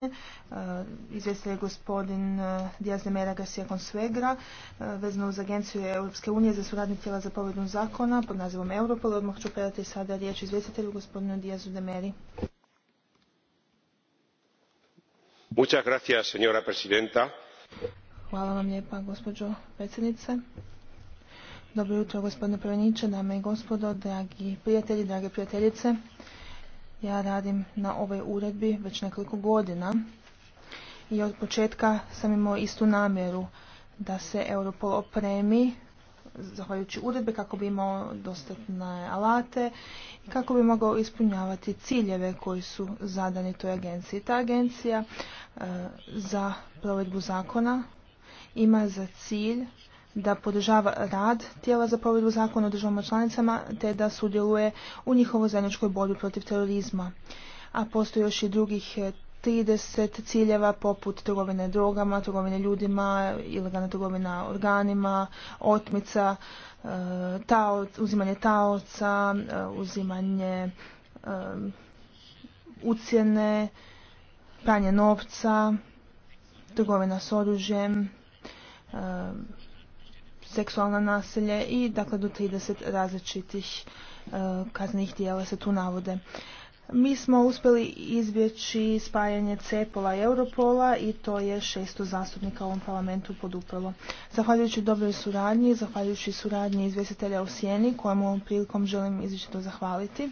Eh, Izvjestio je gospodin eh, Diaz de Mera Garcia Consuegra eh, vezano uz Agenciju Europske unije za suradnje tijela za povredu zakona pod nazivom Europol. Odmah ću predati sada riječ izvjestitelju gospodinu Diazu de Meri. Muchas gracias, señora presidenta. Hvala vam lijepa, gospođo predsjednice. Dobro jutro, gospodine Prveniče, dame i gospodo, dragi prijatelji, drage prijateljice. Ja radim na ovoj uredbi već nekoliko godina i od početka sam imao istu namjeru da se Europol opremi zahvaljujući uredbe kako bi imao dostatne alate i kako bi mogao ispunjavati ciljeve koji su zadani toj agenciji. Ta agencija e, za provedbu zakona ima za cilj da podržava rad tijela za provedbu zakona o državama članicama te da sudjeluje u njihovoj zajedničkoj borbi protiv terorizma. A postoji još i drugih 30 e, ciljeva poput trgovine drogama, trgovine ljudima, ilegalna trgovina organima, otmica, e, uzimanje taoca, e, uzimanje ucjene, pranje novca, trgovina s oružjem, seksualna nasilje i dakle do 30 različitih kaznih e, kaznenih dijela se tu navode. Mi smo uspjeli izbjeći spajanje Cepola i Europola i to je šesto zastupnika u ovom parlamentu poduprlo. Zahvaljujući dobroj suradnji, zahvaljujući suradnji izvjestitelja u Sjeni, kojemu ovom prilikom želim izričito zahvaliti,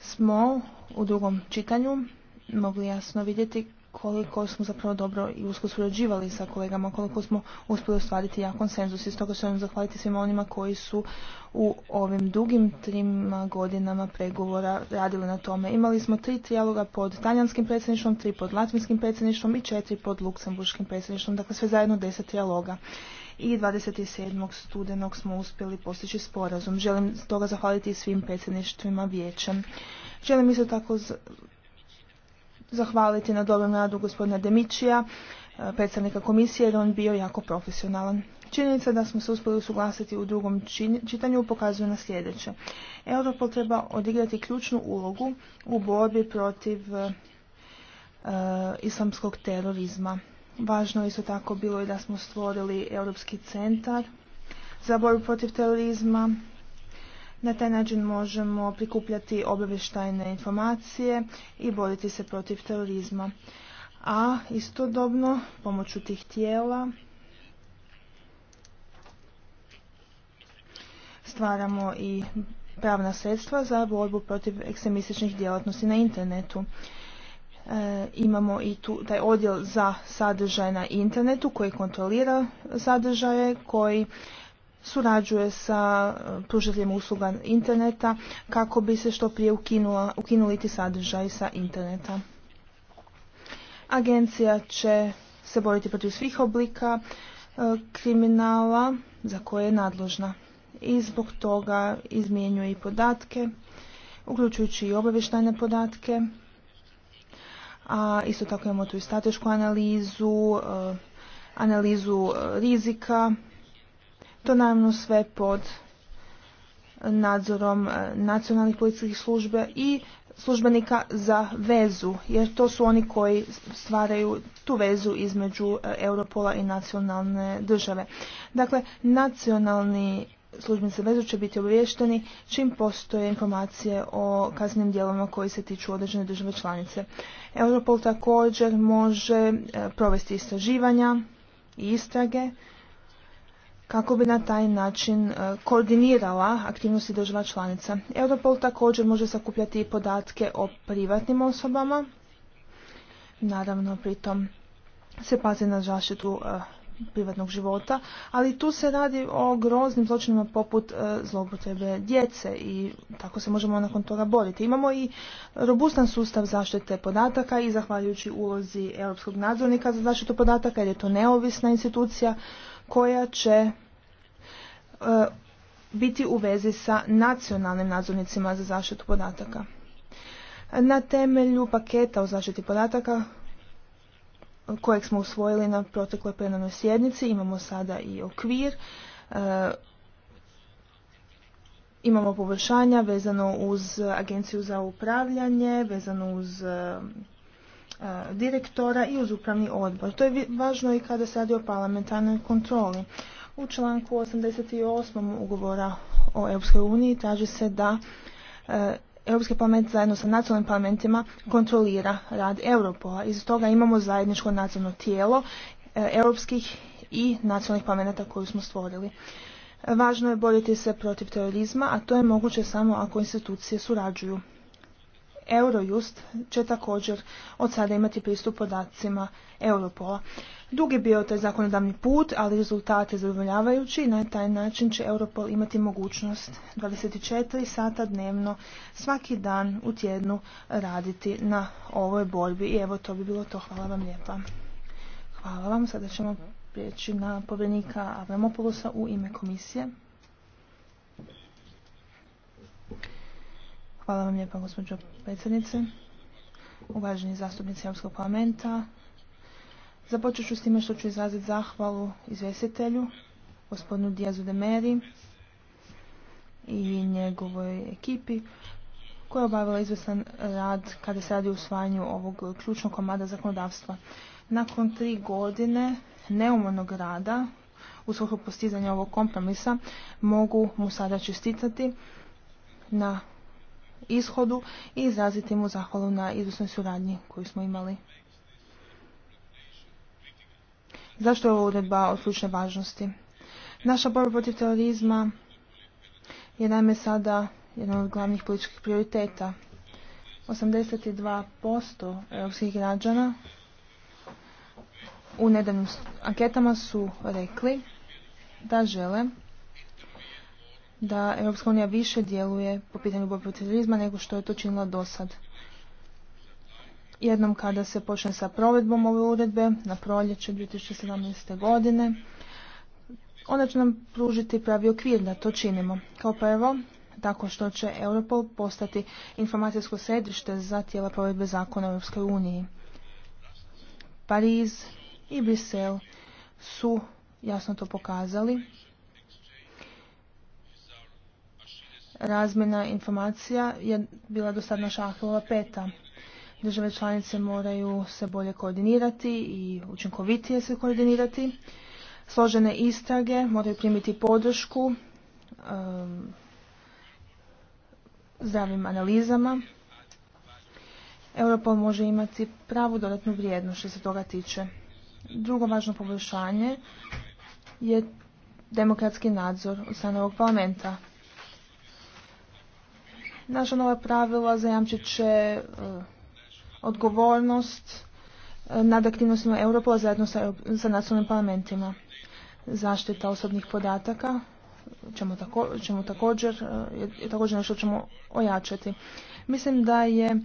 smo u drugom čitanju mogli jasno vidjeti koliko smo zapravo dobro i usko surađivali sa kolegama, koliko smo uspjeli ostvariti jak konsenzus. I stoga želim zahvaliti svima onima koji su u ovim dugim trim godinama pregovora radili na tome. Imali smo tri trijaloga pod talijanskim predsjedništvom, tri pod latvijskim predsjedništvom i četiri pod luksemburškim predsjedništvom, dakle sve zajedno deset trijaloga i 27. studenog smo uspjeli postići sporazum. Želim stoga zahvaliti svim predsjedništvima vijećem. Želim isto tako zahvaliti na dobrom radu gospodina Demičija, e, predstavnika komisije, jer on bio jako profesionalan. Činjenica da smo se uspjeli usuglasiti u drugom čitanju pokazuje na sljedeće. Europol treba odigrati ključnu ulogu u borbi protiv e, islamskog terorizma. Važno je isto tako bilo i da smo stvorili Europski centar za borbu protiv terorizma, na taj način možemo prikupljati obavještajne informacije i boriti se protiv terorizma. A istodobno pomoću tih tijela stvaramo i pravna sredstva za borbu protiv ekstremističnih djelatnosti na internetu. E, imamo i tu taj odjel za sadržaj na internetu koji kontrolira sadržaje, koji surađuje sa e, pružateljem usluga interneta kako bi se što prije ukinula, ukinuli ti sadržaj sa interneta. Agencija će se boriti protiv svih oblika e, kriminala za koje je nadložna i zbog toga izmjenjuje i podatke, uključujući i obavještajne podatke, a isto tako imamo tu i stratešku analizu, e, analizu rizika, to naravno sve pod nadzorom e, nacionalnih policijskih službe i službenika za vezu, jer to su oni koji stvaraju tu vezu između e, Europola i nacionalne države. Dakle, nacionalni službenici vezu će biti obavješteni čim postoje informacije o kaznenim dijelama koji se tiču određene države članice. Europol također može e, provesti istraživanja i istrage kako bi na taj način e, koordinirala aktivnosti država članica. Europol također može sakupljati i podatke o privatnim osobama, naravno pritom se pazi na zaštitu e, privatnog života, ali tu se radi o groznim zločinima poput e, zloupotrebe djece i tako se možemo nakon toga boriti. Imamo i robustan sustav zaštite podataka i zahvaljujući ulozi Europskog nadzornika za zaštitu podataka jer je to neovisna institucija koja će e, biti u vezi sa nacionalnim nadzornicima za zaštitu podataka. Na temelju paketa o zaštiti podataka e, kojeg smo usvojili na protekloj plenarnoj sjednici, imamo sada i okvir, e, imamo poboljšanja vezano uz agenciju za upravljanje, vezano uz direktora i uz upravni odbor. To je važno i kada se radi o parlamentarnoj kontroli. U članku 88. ugovora o Europskoj uniji traži se da e, Europski parlament zajedno sa nacionalnim parlamentima kontrolira rad Europola. Iz toga imamo zajedničko nacionalno tijelo e, europskih i nacionalnih parlamenta koju smo stvorili. Važno je boriti se protiv terorizma, a to je moguće samo ako institucije surađuju. Eurojust će također od sada imati pristup podacima Europola. Dug je bio taj zakonodavni put, ali rezultat je zadovoljavajući i na taj način će Europol imati mogućnost 24 sata dnevno svaki dan u tjednu raditi na ovoj borbi i evo to bi bilo to. Hvala vam lijepa. Hvala vam. Sada ćemo prijeći na povjerenika Avramopolosa u ime komisije. Hvala vam lijepa, gospođo predsjednice. Uvaženi zastupnici Europskog parlamenta, započet ću s time što ću izraziti zahvalu izvjestitelju, gospodinu Dijazu de Meri i njegovoj ekipi koja je obavila izvestan rad kada se radi o usvajanju ovog ključnog komada zakonodavstva. Nakon tri godine neumornog rada u svrhu postizanja ovog kompromisa mogu mu sada čestitati na ishodu i izraziti mu zahvalu na izvrsnoj suradnji koju smo imali. Zašto je ovo uredba od ključne važnosti? Naša borba protiv terorizma je naime sada jedan od glavnih političkih prioriteta. 82% europskih građana u nedavnim anketama su rekli da žele da Europska unija više djeluje po pitanju borbe protiv terorizma nego što je to činila do sad. Jednom kada se počne sa provedbom ove uredbe na proljeće 2017. godine, ona će nam pružiti pravi okvir da to činimo. Kao prvo, tako što će Europol postati informacijsko središte za tijela provedbe zakona u Europskoj uniji. Pariz i Brisel su jasno to pokazali razmjena informacija je bila do sad naša peta. Države članice moraju se bolje koordinirati i učinkovitije se koordinirati. Složene istrage moraju primiti podršku um, zdravim analizama. Europol može imati pravu dodatnu vrijednost što se toga tiče. Drugo važno poboljšanje je demokratski nadzor od strane parlamenta. Naša nova pravila zajamčit će eh, odgovornost eh, nad aktivnostima Europola zajedno sa, nacionalnim parlamentima. Zaštita osobnih podataka ćemo, također, eh, je također nešto ćemo ojačati. Mislim da je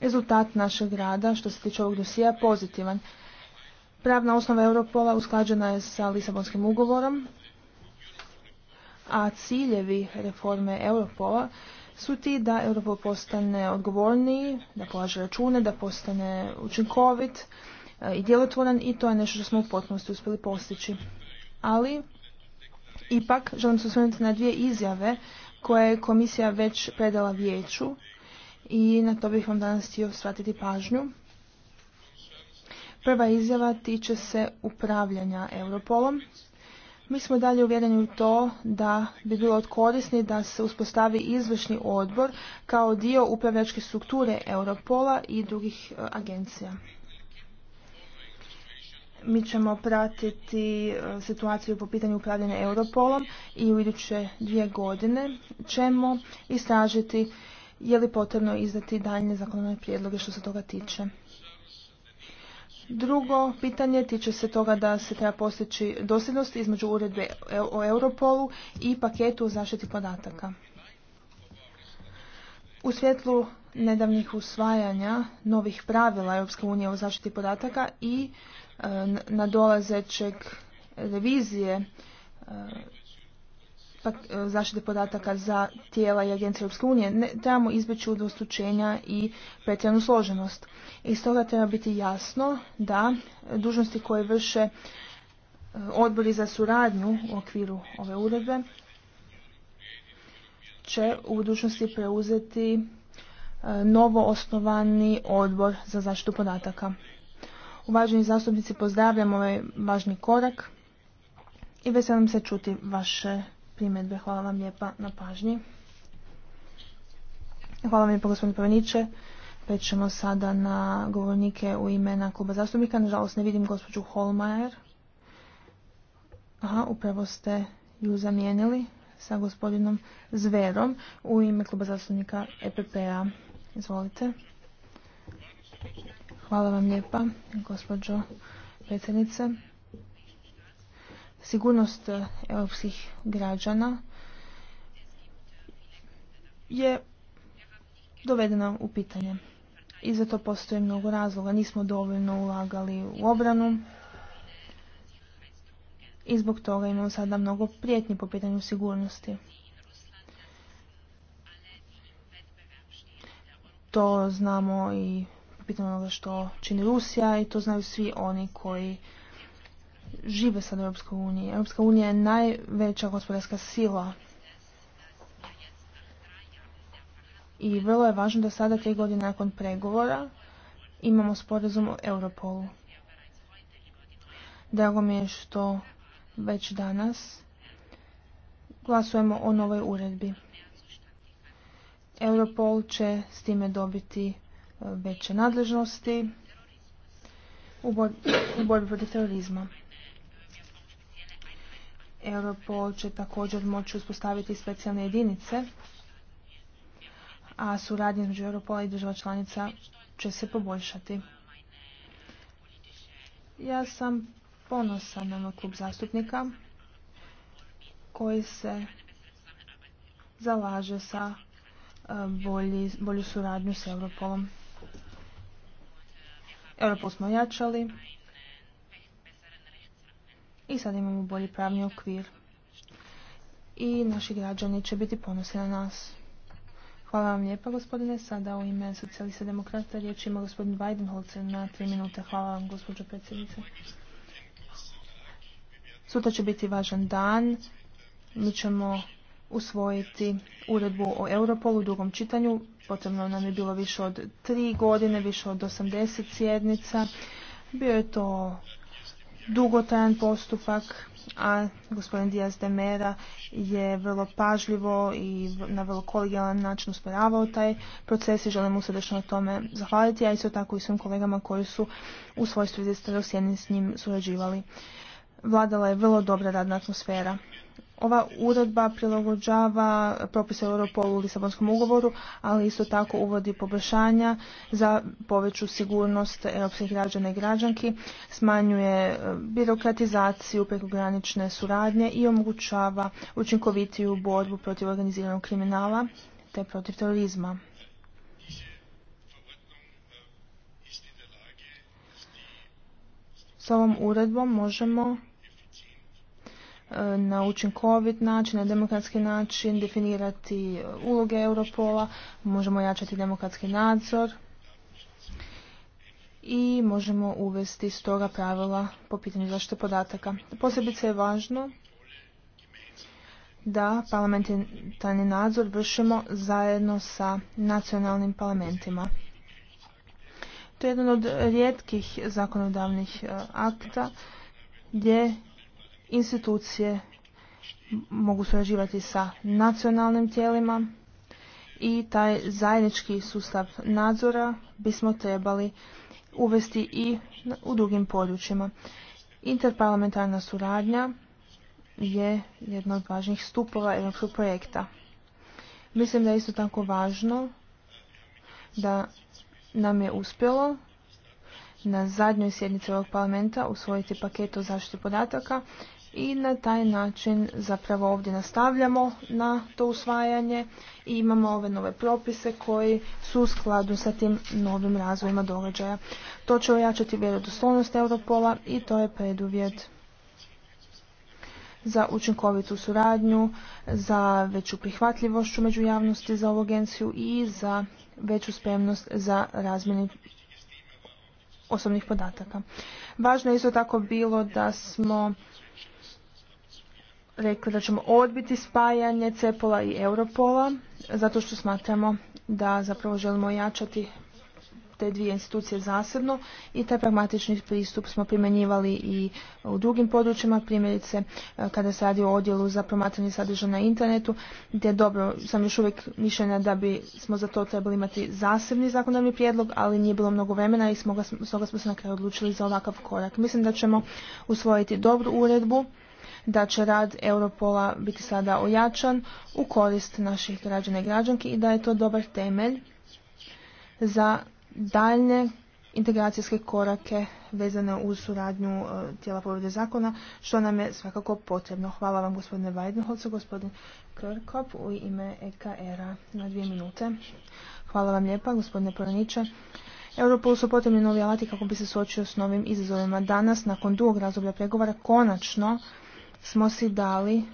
rezultat našeg rada što se tiče ovog dosija pozitivan. Pravna osnova Europola usklađena je sa Lisabonskim ugovorom, a ciljevi reforme Europola su ti da Europol postane odgovorniji, da polaže račune, da postane učinkovit e, i djelotvoran i to je nešto što smo u potpunosti uspjeli postići. Ali, ipak, želim se osvrnuti na dvije izjave koje je komisija već predala vijeću i na to bih vam danas htio shvatiti pažnju. Prva izjava tiče se upravljanja Europolom mi smo dalje uvjereni u to da bi bilo da se uspostavi izvršni odbor kao dio upravljačke strukture Europola i drugih e, agencija. Mi ćemo pratiti e, situaciju po pitanju upravljanja Europolom i u iduće dvije godine ćemo istražiti je li potrebno izdati daljnje zakonodavne prijedloge što se toga tiče. Drugo pitanje tiče se toga da se treba postići dosljednost između uredbe o Europolu i paketu o zaštiti podataka. U svjetlu nedavnih usvajanja novih pravila Europske unije o zaštiti podataka i e, nadolazećeg revizije e, E, zaštite podataka za tijela i agencije Europske unije, ne, trebamo izbjeći udostučenja i pretjeranu složenost. I stoga treba biti jasno da dužnosti koje vrše e, odbori za suradnju u okviru ove uredbe će u budućnosti preuzeti e, novo osnovani odbor za zaštitu podataka. Uvaženi zastupnici, pozdravljam ovaj važni korak i veselim se čuti vaše primjedbe. Hvala vam lijepa na pažnji. Hvala vam lijepa gospodine Paveniće. Prećemo sada na govornike u ime kluba zastupnika. Nažalost ne vidim gospođu Holmajer. Aha, upravo ste ju zamijenili sa gospodinom Zverom u ime kluba zastupnika EPP-a. Izvolite. Hvala vam lijepa, gospođo predsjednice sigurnost e, europskih građana je dovedena u pitanje. I za to postoji mnogo razloga. Nismo dovoljno ulagali u obranu i zbog toga imamo sada mnogo prijetnje po pitanju sigurnosti. To znamo i po pitanju onoga što čini Rusija i to znaju svi oni koji žive sad u Europskoj uniji. Europska unija je najveća gospodarska sila i vrlo je važno da sada tri godine nakon pregovora imamo sporazum o Europolu. Drago mi je što već danas glasujemo o novoj uredbi. Europol će s time dobiti e, veće nadležnosti u borbi protiv terorizma. Europol će također moći uspostaviti specijalne jedinice, a suradnje među Europola i država članica će se poboljšati. Ja sam ponosan na klub zastupnika koji se zalaže sa e, bolju suradnju s Europolom. Europol smo jačali i sad imamo bolji pravni okvir. I naši građani će biti ponosni na nas. Hvala vam lijepa gospodine. Sada u ime socijalista demokrata riječ ima gospodin Weidenholzer na tri minute. Hvala vam gospođo predsjednice. Sutra će biti važan dan. Mi ćemo usvojiti uredbu o Europolu u drugom čitanju. Potrebno nam je bilo više od tri godine, više od 80 sjednica. Bio je to dugotajan postupak, a gospodin Diaz de Mera je vrlo pažljivo i na vrlo kolegijalan način usporavao taj proces i želim mu srdečno na tome zahvaliti, a isto tako i svim kolegama koji su u svojstvu izvjestitelja s njim surađivali vladala je vrlo dobra radna atmosfera. Ova uredba prilagođava propise Europolu u Lisabonskom ugovoru, ali isto tako uvodi poboljšanja za poveću sigurnost europskih građana i građanki, smanjuje e, birokratizaciju prekogranične suradnje i omogućava učinkovitiju borbu protiv organiziranog kriminala te protiv terorizma. S ovom uredbom možemo E, na učinkovit način, na demokratski način definirati uloge Europola, možemo jačati demokratski nadzor i možemo uvesti stoga pravila po pitanju zaštite podataka. Posebice je važno da parlamentarni nadzor vršimo zajedno sa nacionalnim parlamentima. To je jedan od rijetkih zakonodavnih e, akta gdje institucije mogu surađivati sa nacionalnim tijelima i taj zajednički sustav nadzora bismo trebali uvesti i u drugim područjima. Interparlamentarna suradnja je jedna od važnijih stupova europskog projekta. Mislim da je isto tako važno da nam je uspjelo na zadnjoj sjednici ovog parlamenta usvojiti paket o zaštiti podataka i na taj način zapravo ovdje nastavljamo na to usvajanje i imamo ove nove propise koji su u skladu sa tim novim razvojima događaja. To će ojačati vjerodostojnost Europola i to je preduvjet za učinkovitu suradnju, za veću prihvatljivošću među javnosti za ovu agenciju i za veću spremnost za razmjeni osobnih podataka. Važno je isto tako bilo da smo rekli da ćemo odbiti spajanje Cepola i Europola zato što smatramo da zapravo želimo jačati te dvije institucije zasebno i taj pragmatični pristup smo primjenjivali i u drugim područjima, primjerice e, kada se radi o odjelu za promatranje sadržaja na internetu, gdje dobro, sam još uvijek mišljena da bi smo za to trebali imati zasebni zakonodavni prijedlog, ali nije bilo mnogo vremena i stoga smo se na kraju odlučili za ovakav korak. Mislim da ćemo usvojiti dobru uredbu da će rad Europola biti sada ojačan u korist naših građana i građanki i da je to dobar temelj za daljne integracijske korake vezane uz suradnju e, tijela povode zakona, što nam je svakako potrebno. Hvala vam gospodine Vajdenholcu, gospodin Krkop u ime EKR-a na dvije minute. Hvala vam lijepa gospodine Poraniče. Europol su potrebni novi alati kako bi se suočio s novim izazovima. Danas, nakon dugog razdoblja pregovora, konačno smo si dali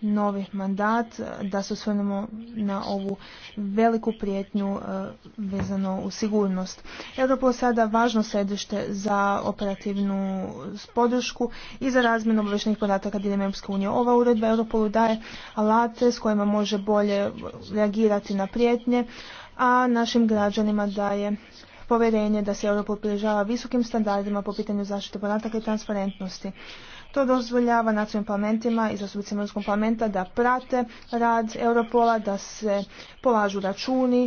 novi mandat eh, da se osvrnemo na ovu veliku prijetnju eh, vezano u sigurnost. Europol sada važno središte za operativnu podršku i za razmjenu obavještenih podataka diljem Europske unije. Ova uredba Europolu daje alate s kojima može bolje reagirati na prijetnje, a našim građanima daje povjerenje da se Europol približava visokim standardima po pitanju zaštite podataka i transparentnosti. To dozvoljava nacionalnim parlamentima i zastupnicima Europskog parlamenta da prate rad Europola, da se polažu računi,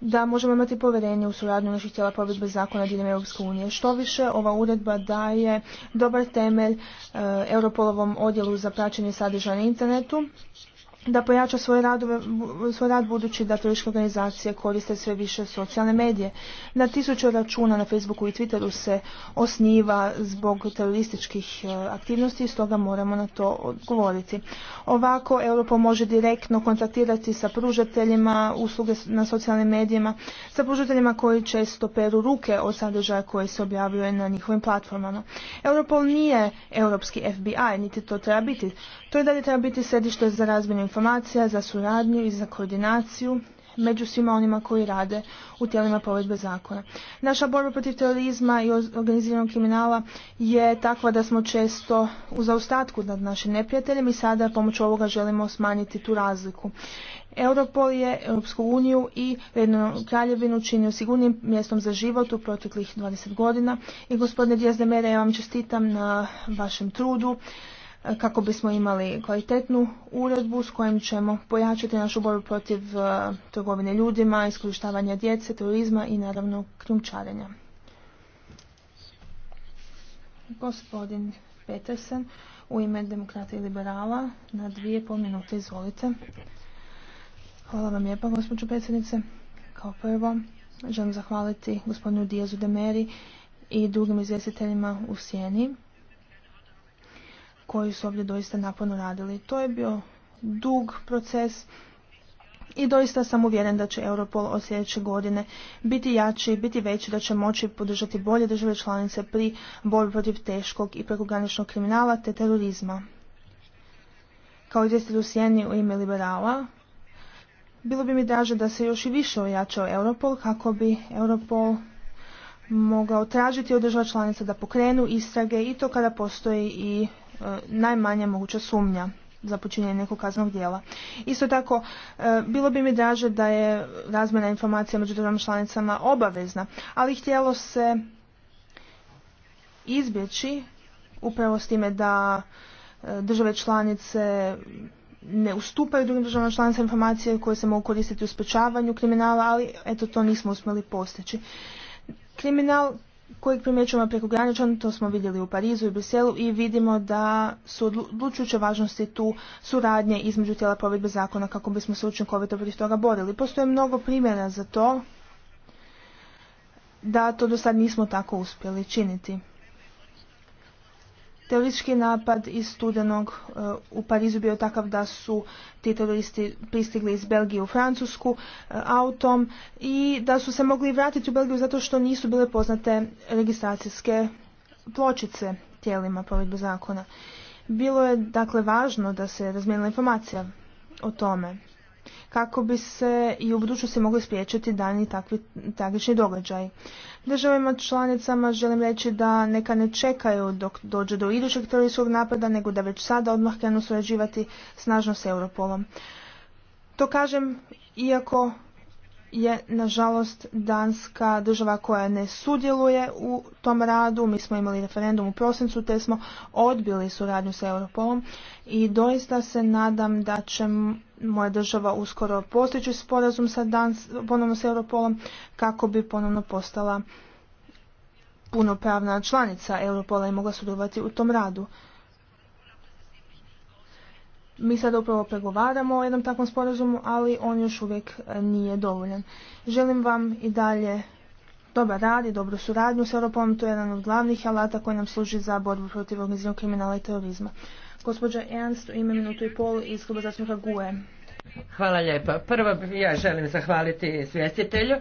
da možemo imati povjerenje u suradnju naših tijela provedbe zakona diljem Europske unije. Što više, ova uredba daje dobar temelj e, Europolovom odjelu za praćenje sadržaja na internetu da pojača svoj rad, svoj rad budući da turističke organizacije koriste sve više socijalne medije. Na tisuću računa na Facebooku i Twitteru se osniva zbog terorističkih e, aktivnosti i stoga moramo na to odgovoriti. Ovako Europol može direktno kontaktirati sa pružateljima usluge na socijalnim medijima, sa pružateljima koji često peru ruke od sadržaja koji se objavljuje na njihovim platformama. Europol nije europski FBI, niti to treba biti. To je dalje treba biti središte za razmjenu informacija, za suradnju i za koordinaciju među svima onima koji rade u tijelima provedbe zakona. Naša borba protiv terorizma i organiziranog kriminala je takva da smo često u zaostatku nad našim neprijateljem i sada pomoću ovoga želimo smanjiti tu razliku. Europol je Europsku uniju i Ujedinjenu kraljevinu činio sigurnim mjestom za život u proteklih 20 godina i gospodine Dijezde Mera ja vam čestitam na vašem trudu kako bismo imali kvalitetnu uredbu s kojim ćemo pojačati našu borbu protiv e, trgovine ljudima, iskorištavanja djece, turizma i naravno krumčarenja. Gospodin Petersen u ime demokrata i liberala na dvije pol minute izvolite. Hvala vam lijepa gospođo predsjednice. Kao prvo želim zahvaliti gospodinu Dijazu Demeri i drugim izvjestiteljima u Sjeni koji su ovdje doista naporno radili. To je bio dug proces i doista sam uvjeren da će Europol od sljedeće godine biti jači, biti veći, da će moći podržati bolje države članice pri borbi protiv teškog i prekograničnog kriminala te terorizma. Kao izvjestitelj u Sjeni u ime liberala, bilo bi mi draže da se još i više ojačao Europol kako bi Europol mogao tražiti od država članica da pokrenu istrage i to kada postoji i E, najmanja moguća sumnja za počinjenje nekog kaznog djela. Isto tako, e, bilo bi mi draže da je razmjena informacija među državama članicama obavezna, ali htjelo se izbjeći upravo s time da e, države članice ne ustupaju drugim državama članicama informacije koje se mogu koristiti u sprečavanju kriminala, ali eto to nismo uspjeli postići. Kriminal kojeg primjećujemo graničan, to smo vidjeli u Parizu i Briselu i vidimo da su odlučujuće važnosti tu suradnje između tijela provedbe zakona kako bismo se učinkovito protiv toga borili. Postoje mnogo primjera za to da to do sad nismo tako uspjeli činiti. Teroristički napad iz studenog e, u Parizu bio takav da su ti teroristi pristigli iz Belgije u Francusku e, autom i da su se mogli vratiti u Belgiju zato što nisu bile poznate registracijske pločice tijelima provedbe zakona. Bilo je dakle važno da se razmijenila informacija o tome kako bi se i u budućnosti mogli spriječiti daljnji takvi tragični događaj. Državima, članicama želim reći da neka ne čekaju dok dođe do idućeg teorijskog napada, nego da već sada odmah krenu surađivati snažno s Europolom. To kažem iako je nažalost Danska država koja ne sudjeluje u tom radu. Mi smo imali referendum u prosincu te smo odbili suradnju sa Europolom i doista se nadam da ćemo moja država uskoro postići sporazum sa Dans, ponovno s Europolom kako bi ponovno postala punopravna članica Europola i mogla sudjelovati u tom radu. Mi sad upravo pregovaramo o jednom takvom sporazumu, ali on još uvijek nije dovoljan. Želim vam i dalje dobar rad i dobru suradnju s Europolom. To je jedan od glavnih alata koji nam služi za borbu protiv organiziranog kriminala i terorizma. Gospođa Ernst minutu i pol iz kluba GUE. Hvala lijepa. Prvo ja želim zahvaliti svjestitelju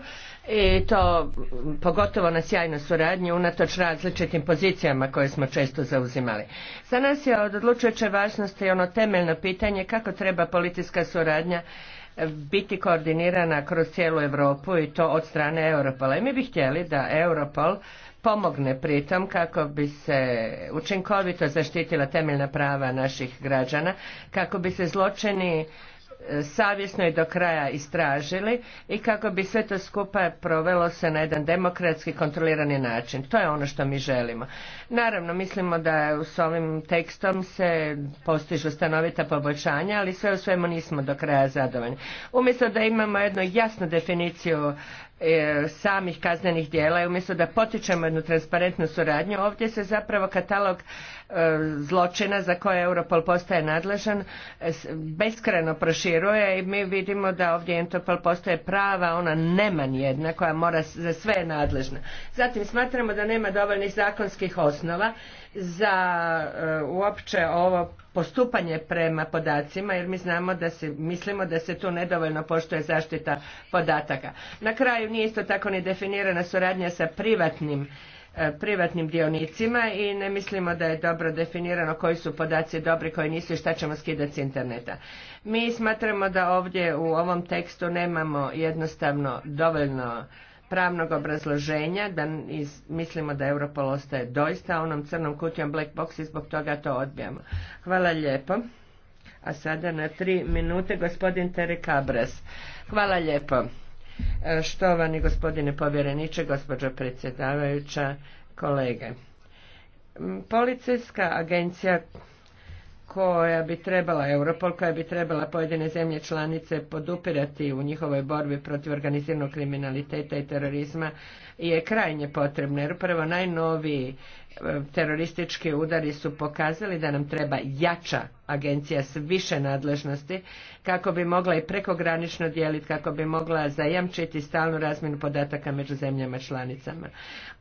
i to pogotovo na sjajnu suradnji unatoč različitim pozicijama koje smo često zauzimali. Za nas je od odlučujuće važnosti ono temeljno pitanje kako treba policijska suradnja eh, biti koordinirana kroz cijelu Europu i to od strane Europola. I mi bi htjeli da Europol pomogne pritom kako bi se učinkovito zaštitila temeljna prava naših građana, kako bi se zločini e, savjesno i do kraja istražili i kako bi sve to skupa provelo se na jedan demokratski kontrolirani način. To je ono što mi želimo. Naravno, mislimo da s ovim tekstom se postižu stanovita poboljšanja, ali sve u svemu nismo do kraja zadovoljni. Umjesto da imamo jednu jasnu definiciju E, samih kaznenih djela i umjesto da potičemo jednu transparentnu suradnju ovdje se zapravo katalog E, zločina za koje Europol postaje nadležan e, beskreno proširuje i mi vidimo da ovdje Interpol postaje prava ona nema nijedna, koja mora za sve nadležna. Zatim smatramo da nema dovoljnih zakonskih osnova za e, uopće ovo postupanje prema podacima jer mi znamo da se, mislimo da se tu nedovoljno poštuje zaštita podataka. Na kraju nije isto tako ni definirana suradnja sa privatnim E, privatnim dionicima i ne mislimo da je dobro definirano koji su podaci dobri, koji nisu i šta ćemo skidati s interneta. Mi smatramo da ovdje u ovom tekstu nemamo jednostavno dovoljno pravnog obrazloženja, da mislimo da Europol ostaje doista onom crnom kutijom black box i zbog toga to odbijamo. Hvala lijepo. A sada na tri minute gospodin Tere Cabras. Hvala lijepo. E, štovani gospodine povjereniče, gospođo predsjedavajuća, kolege. Policijska agencija koja bi trebala, Europol, koja bi trebala pojedine zemlje članice podupirati u njihovoj borbi protiv organiziranog kriminaliteta i terorizma je krajnje potrebna. Jer upravo najnoviji teroristički udari su pokazali da nam treba jača agencija s više nadležnosti kako bi mogla i prekogranično dijeliti, kako bi mogla zajamčiti stalnu razmjenu podataka među zemljama članicama.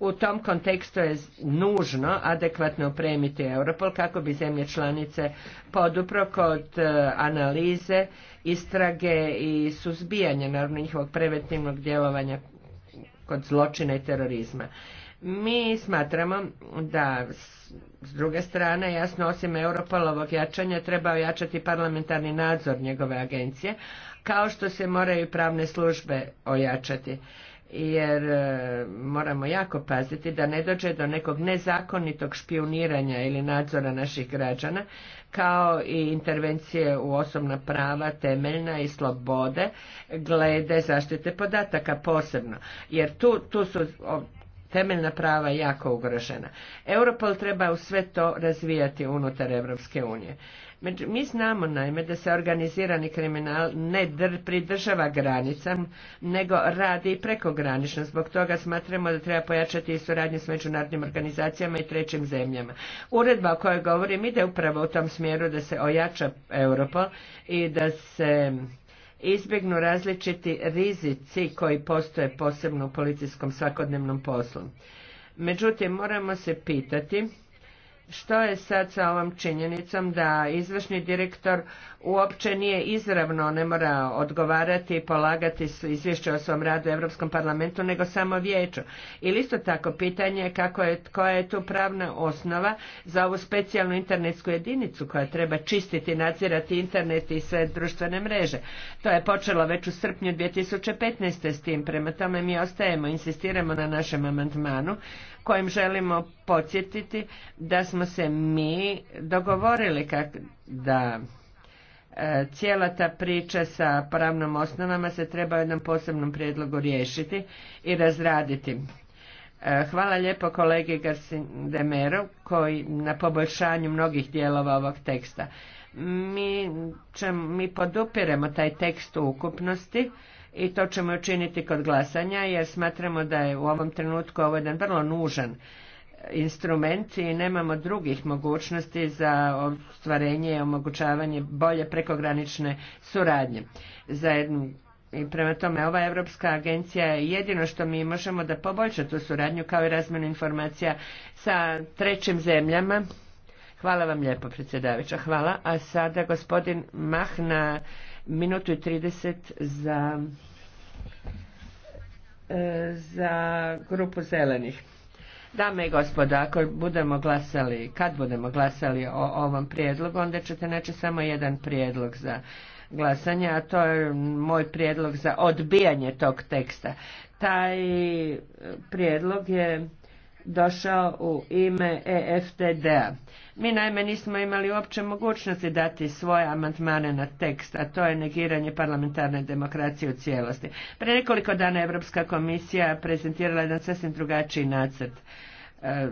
U tom kontekstu je nužno adekvatno opremiti Europol kako bi zemlje članice podupro kod e, analize, istrage i suzbijanja naravno njihovog preventivnog djelovanja kod zločina i terorizma. Mi smatramo da s druge strane, jasno, osim Europolovog jačanja, treba ojačati parlamentarni nadzor njegove agencije, kao što se moraju pravne službe ojačati jer e, moramo jako paziti da ne dođe do nekog nezakonitog špioniranja ili nadzora naših građana, kao i intervencije u osobna prava, temeljna i slobode glede zaštite podataka posebno. Jer tu, tu su temeljna prava jako ugrožena. Europol treba u sve to razvijati unutar Europske unije. Mi znamo naime da se organizirani kriminal ne pridržava granicam, nego radi i prekogranično. Zbog toga smatramo da treba pojačati i suradnju s međunarodnim organizacijama i trećim zemljama. Uredba o kojoj govorim ide upravo u tom smjeru da se ojača Europol i da se izbjegnu različiti rizici koji postoje posebno u policijskom svakodnevnom poslu. Međutim, moramo se pitati što je sad sa ovom činjenicom da izvršni direktor uopće nije izravno ne mora odgovarati i polagati izvješće o svom radu u Europskom parlamentu, nego samo vijeću? Ili isto tako pitanje kako je, koja je tu pravna osnova za ovu specijalnu internetsku jedinicu koja treba čistiti, nadzirati internet i sve društvene mreže. To je počelo već u srpnju 2015. s tim. Prema tome mi ostajemo, insistiramo na našem amandmanu kojim želimo podsjetiti da smo se mi dogovorili da e, cijela ta priča sa pravnom osnovama se treba u jednom posebnom prijedlogu riješiti i razraditi. E, hvala lijepo kolegi Demeru koji na poboljšanju mnogih dijelova ovog teksta. Mi, mi podupiremo taj tekst u ukupnosti i to ćemo učiniti kod glasanja jer smatramo da je u ovom trenutku ovo jedan vrlo nužan e, instrument i nemamo drugih mogućnosti za ostvarenje i omogućavanje bolje prekogranične suradnje. jednu, i prema tome ova Europska agencija je jedino što mi možemo da poboljša tu suradnju kao i razmenu informacija sa trećim zemljama. Hvala vam lijepo predsjedavajuća. Hvala. A sada gospodin Mahna minutu i 30 za, e, za grupu zelenih. Dame i gospoda, ako budemo glasali, kad budemo glasali o ovom prijedlogu, onda ćete naći samo jedan prijedlog za glasanje, a to je moj prijedlog za odbijanje tog teksta. Taj prijedlog je došao u ime eftd Mi naime nismo imali uopće mogućnosti dati svoje amandmane na tekst, a to je negiranje parlamentarne demokracije u cijelosti. Pre nekoliko dana Europska komisija prezentirala jedan sasvim drugačiji nacrt e,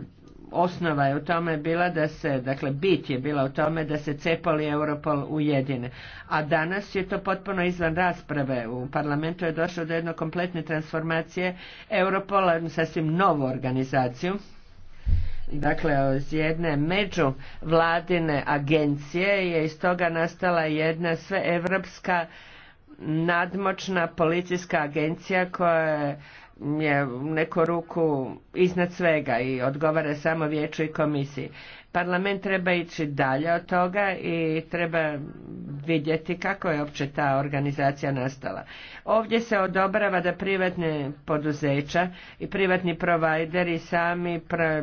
osnova je u tome bila da se, dakle bit je bila u tome da se Cepol i Europol ujedine. A danas je to potpuno izvan rasprave. U parlamentu je došlo do jedno kompletne transformacije Europola, sasvim novu organizaciju dakle iz jedne vladine agencije je iz toga nastala jedna sveevropska nadmoćna policijska agencija koja je je u neku ruku iznad svega i odgovara samo vijeću i komisiji. Parlament treba ići dalje od toga i treba vidjeti kako je uopće ta organizacija nastala. Ovdje se odobrava da privatne poduzeća i privatni provajderi sami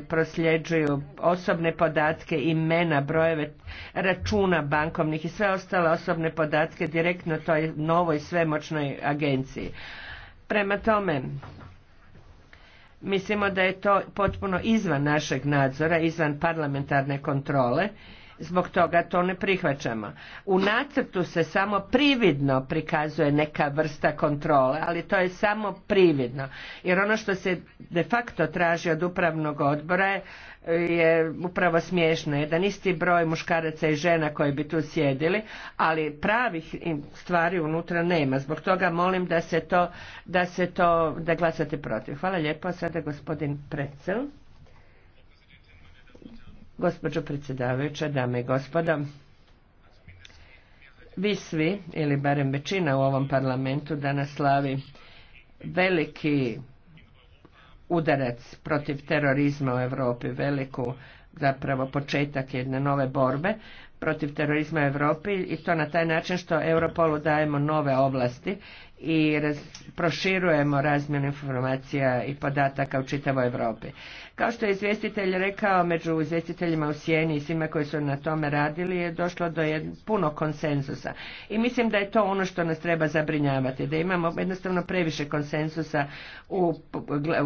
prosljeđuju osobne podatke, imena, brojeve računa bankovnih i sve ostale osobne podatke direktno toj novoj svemoćnoj agenciji. Prema tome, Mislimo da je to potpuno izvan našeg nadzora, izvan parlamentarne kontrole Zbog toga to ne prihvaćamo. U nacrtu se samo prividno prikazuje neka vrsta kontrole, ali to je samo prividno. Jer ono što se de facto traži od upravnog odbora je upravo smiješno. Jedan isti broj muškaraca i žena koji bi tu sjedili, ali pravih stvari unutra nema. Zbog toga molim da se to, da se to, da glasate protiv. Hvala lijepo. Sada gospodin Precel. Gospođo predsjedavajuća, dame i gospoda, vi svi, ili barem većina u ovom parlamentu, danas slavi veliki udarac protiv terorizma u Europi, veliku zapravo početak jedne nove borbe, protiv terorizma u Europi i to na taj način što Europolu dajemo nove ovlasti i proširujemo razmjenu informacija i podataka u čitavoj Europi. Kao što je izvjestitelj rekao, među izvjestiteljima u Sjeni i svima koji su na tome radili je došlo do jedno, puno konsenzusa. I mislim da je to ono što nas treba zabrinjavati, da imamo jednostavno previše konsenzusa u,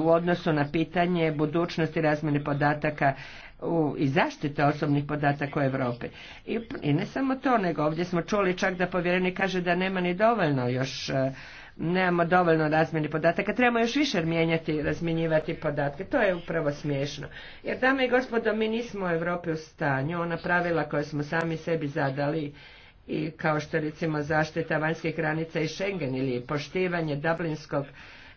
u odnosu na pitanje budućnosti razmjene podataka u, i zaštite osobnih podataka u Europi. I, I ne samo to, nego ovdje smo čuli čak da povjereni kaže da nema ni dovoljno još e, nemamo dovoljno razmjeni podataka, trebamo još više mijenjati, razmjenjivati podatke. To je upravo smiješno. Jer, dame i gospodo, mi nismo u Europi u stanju, ona pravila koje smo sami sebi zadali, i kao što recimo zaštita vanjskih granica i Schengen ili poštivanje Dublinskog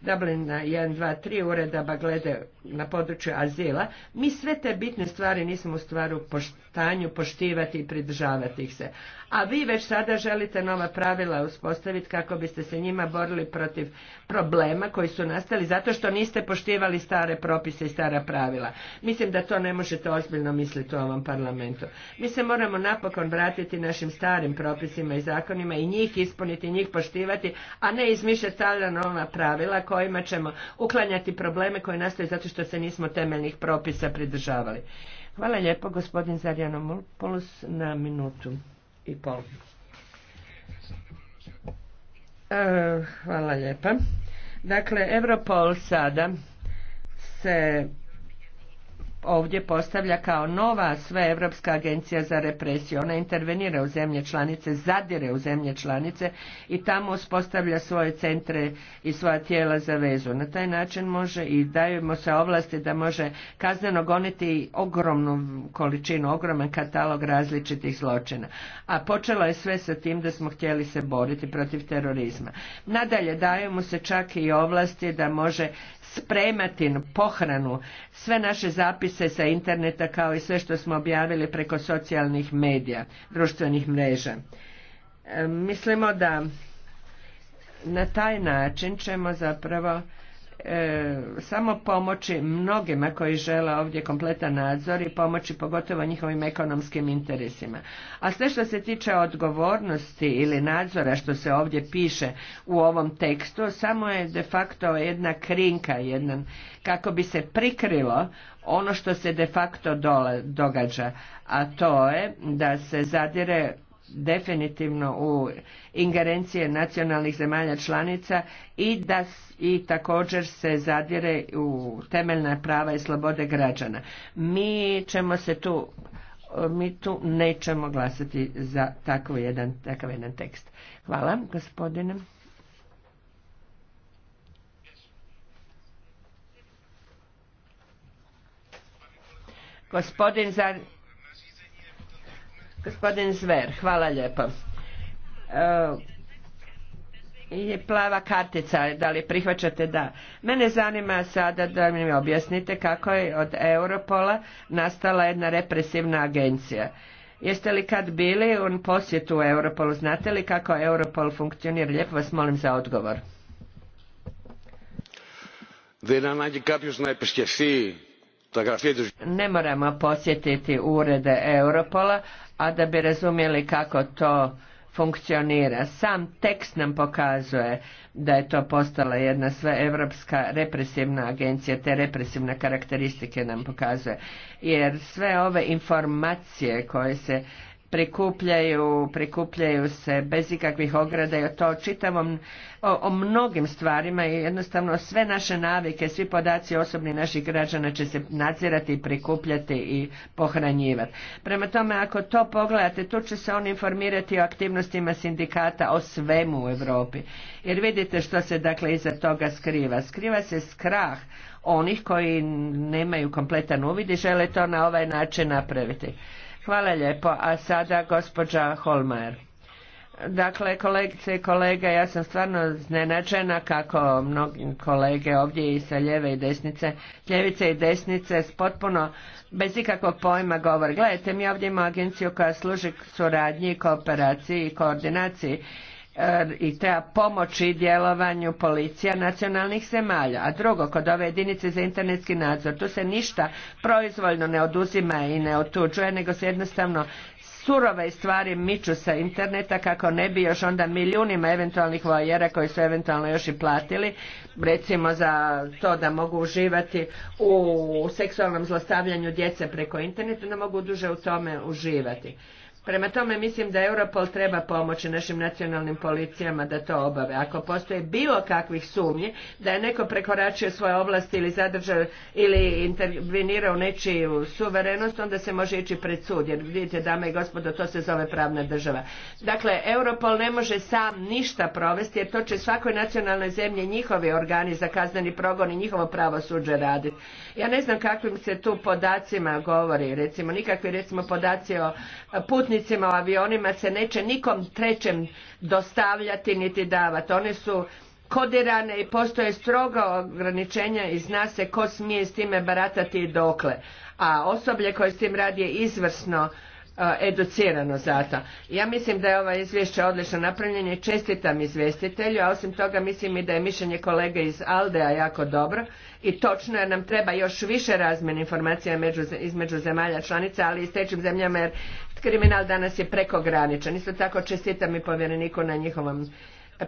Dublina jedan, dva, tri uredaba glede na području azila, mi sve te bitne stvari nismo u stvaru poštanju, poštivati i pridržavati ih se a vi već sada želite nova pravila uspostaviti kako biste se njima borili protiv problema koji su nastali zato što niste poštivali stare propise i stara pravila. Mislim da to ne možete ozbiljno misliti u ovom parlamentu. Mi se moramo napokon vratiti našim starim propisima i zakonima i njih ispuniti, njih poštivati, a ne izmišljati stavlja nova pravila kojima ćemo uklanjati probleme koji nastaju zato što se nismo temeljnih propisa pridržavali. Hvala lijepo gospodin Zarjano na minutu i pol. E, hvala lijepa. Dakle, Europol sada se ovdje postavlja kao nova sveevropska agencija za represiju. Ona intervenira u zemlje članice, zadire u zemlje članice i tamo uspostavlja svoje centre i svoja tijela za vezu. Na taj način može i dajemo se ovlasti da može kazneno goniti ogromnu količinu, ogroman katalog različitih zločina. A počelo je sve sa tim da smo htjeli se boriti protiv terorizma. Nadalje dajemo se čak i ovlasti da može spremati pohranu sve naše zapise sa interneta kao i sve što smo objavili preko socijalnih medija, društvenih mreža. E, mislimo da na taj način ćemo zapravo E, samo pomoći mnogima koji žele ovdje kompletan nadzor i pomoći pogotovo njihovim ekonomskim interesima. A sve što se tiče odgovornosti ili nadzora što se ovdje piše u ovom tekstu, samo je de facto jedna krinka, jedan, kako bi se prikrilo ono što se de facto dola, događa, a to je da se zadire definitivno u ingerencije nacionalnih zemalja članica i da i također se zadire u temeljna prava i slobode građana. Mi ćemo se tu mi tu nećemo glasati za takav jedan, takav jedan tekst. Hvala gospodine. Gospodin Gospodin Zver, hvala lijepo. I e, plava kartica, da li prihvaćate da. Mene zanima sada da mi objasnite kako je od Europola nastala jedna represivna agencija. Jeste li kad bili u posjetu u Europolu? Znate li kako Europol funkcionira? Lijepo vas molim za odgovor. Ne moramo posjetiti urede Europola, a da bi razumjeli kako to funkcionira. Sam tekst nam pokazuje da je to postala jedna sveevropska represivna agencija, te represivne karakteristike nam pokazuje. Jer sve ove informacije koje se prikupljaju, prikupljaju se bez ikakvih ograda i o to čitavom o, mnogim stvarima i jednostavno sve naše navike, svi podaci osobni naših građana će se nadzirati, prikupljati i pohranjivati. Prema tome, ako to pogledate, tu će se on informirati o aktivnostima sindikata, o svemu u Europi. Jer vidite što se dakle iza toga skriva. Skriva se skrah onih koji nemaju kompletan uvid i žele to na ovaj način napraviti. Hvala lijepo. A sada gospođa Holmajer. Dakle, kolegice i kolege, ja sam stvarno znenačena kako mnogi kolege ovdje i sa ljeve i desnice, ljevice i desnice s potpuno bez ikakvog pojma govor. Gledajte, mi ovdje imamo agenciju koja služi suradnji, kooperaciji i koordinaciji i treba pomoći djelovanju policija nacionalnih zemalja. A drugo, kod ove jedinice za internetski nadzor, tu se ništa proizvoljno ne oduzima i ne otuđuje, nego se jednostavno surove stvari miču sa interneta kako ne bi još onda milijunima eventualnih vojera koji su eventualno još i platili recimo za to da mogu uživati u seksualnom zlostavljanju djece preko interneta da mogu duže u tome uživati. Prema tome mislim da Europol treba pomoći našim nacionalnim policijama da to obave. Ako postoje bilo kakvih sumnji da je neko prekoračio svoje ovlasti ili zadržao ili intervenirao nečiju suverenost, onda se može ići pred sud. Jer vidite, dame i gospodo, to se zove pravna država. Dakle, Europol ne može sam ništa provesti jer to će svakoj nacionalnoj zemlji njihovi organi za kazneni progon i njihovo pravosuđe raditi. Ja ne znam kakvim se tu podacima govori, recimo nikakvi recimo podaci o putnim putnicima u avionima se neće nikom trećem dostavljati niti davati. One su kodirane i postoje stroga ograničenja i zna se ko smije s time baratati i dokle. A osoblje koje s tim radi je izvrsno educirano za to. Ja mislim da je ova izvješća odlično napravljena i čestitam izvjestitelju, a osim toga mislim i da je mišljenje kolege iz Aldea jako dobro i točno jer nam treba još više razmjene informacija između zemalja članica, ali i s trećim zemljama jer kriminal danas je prekograničan. Isto tako čestitam i povjereniku na njihovom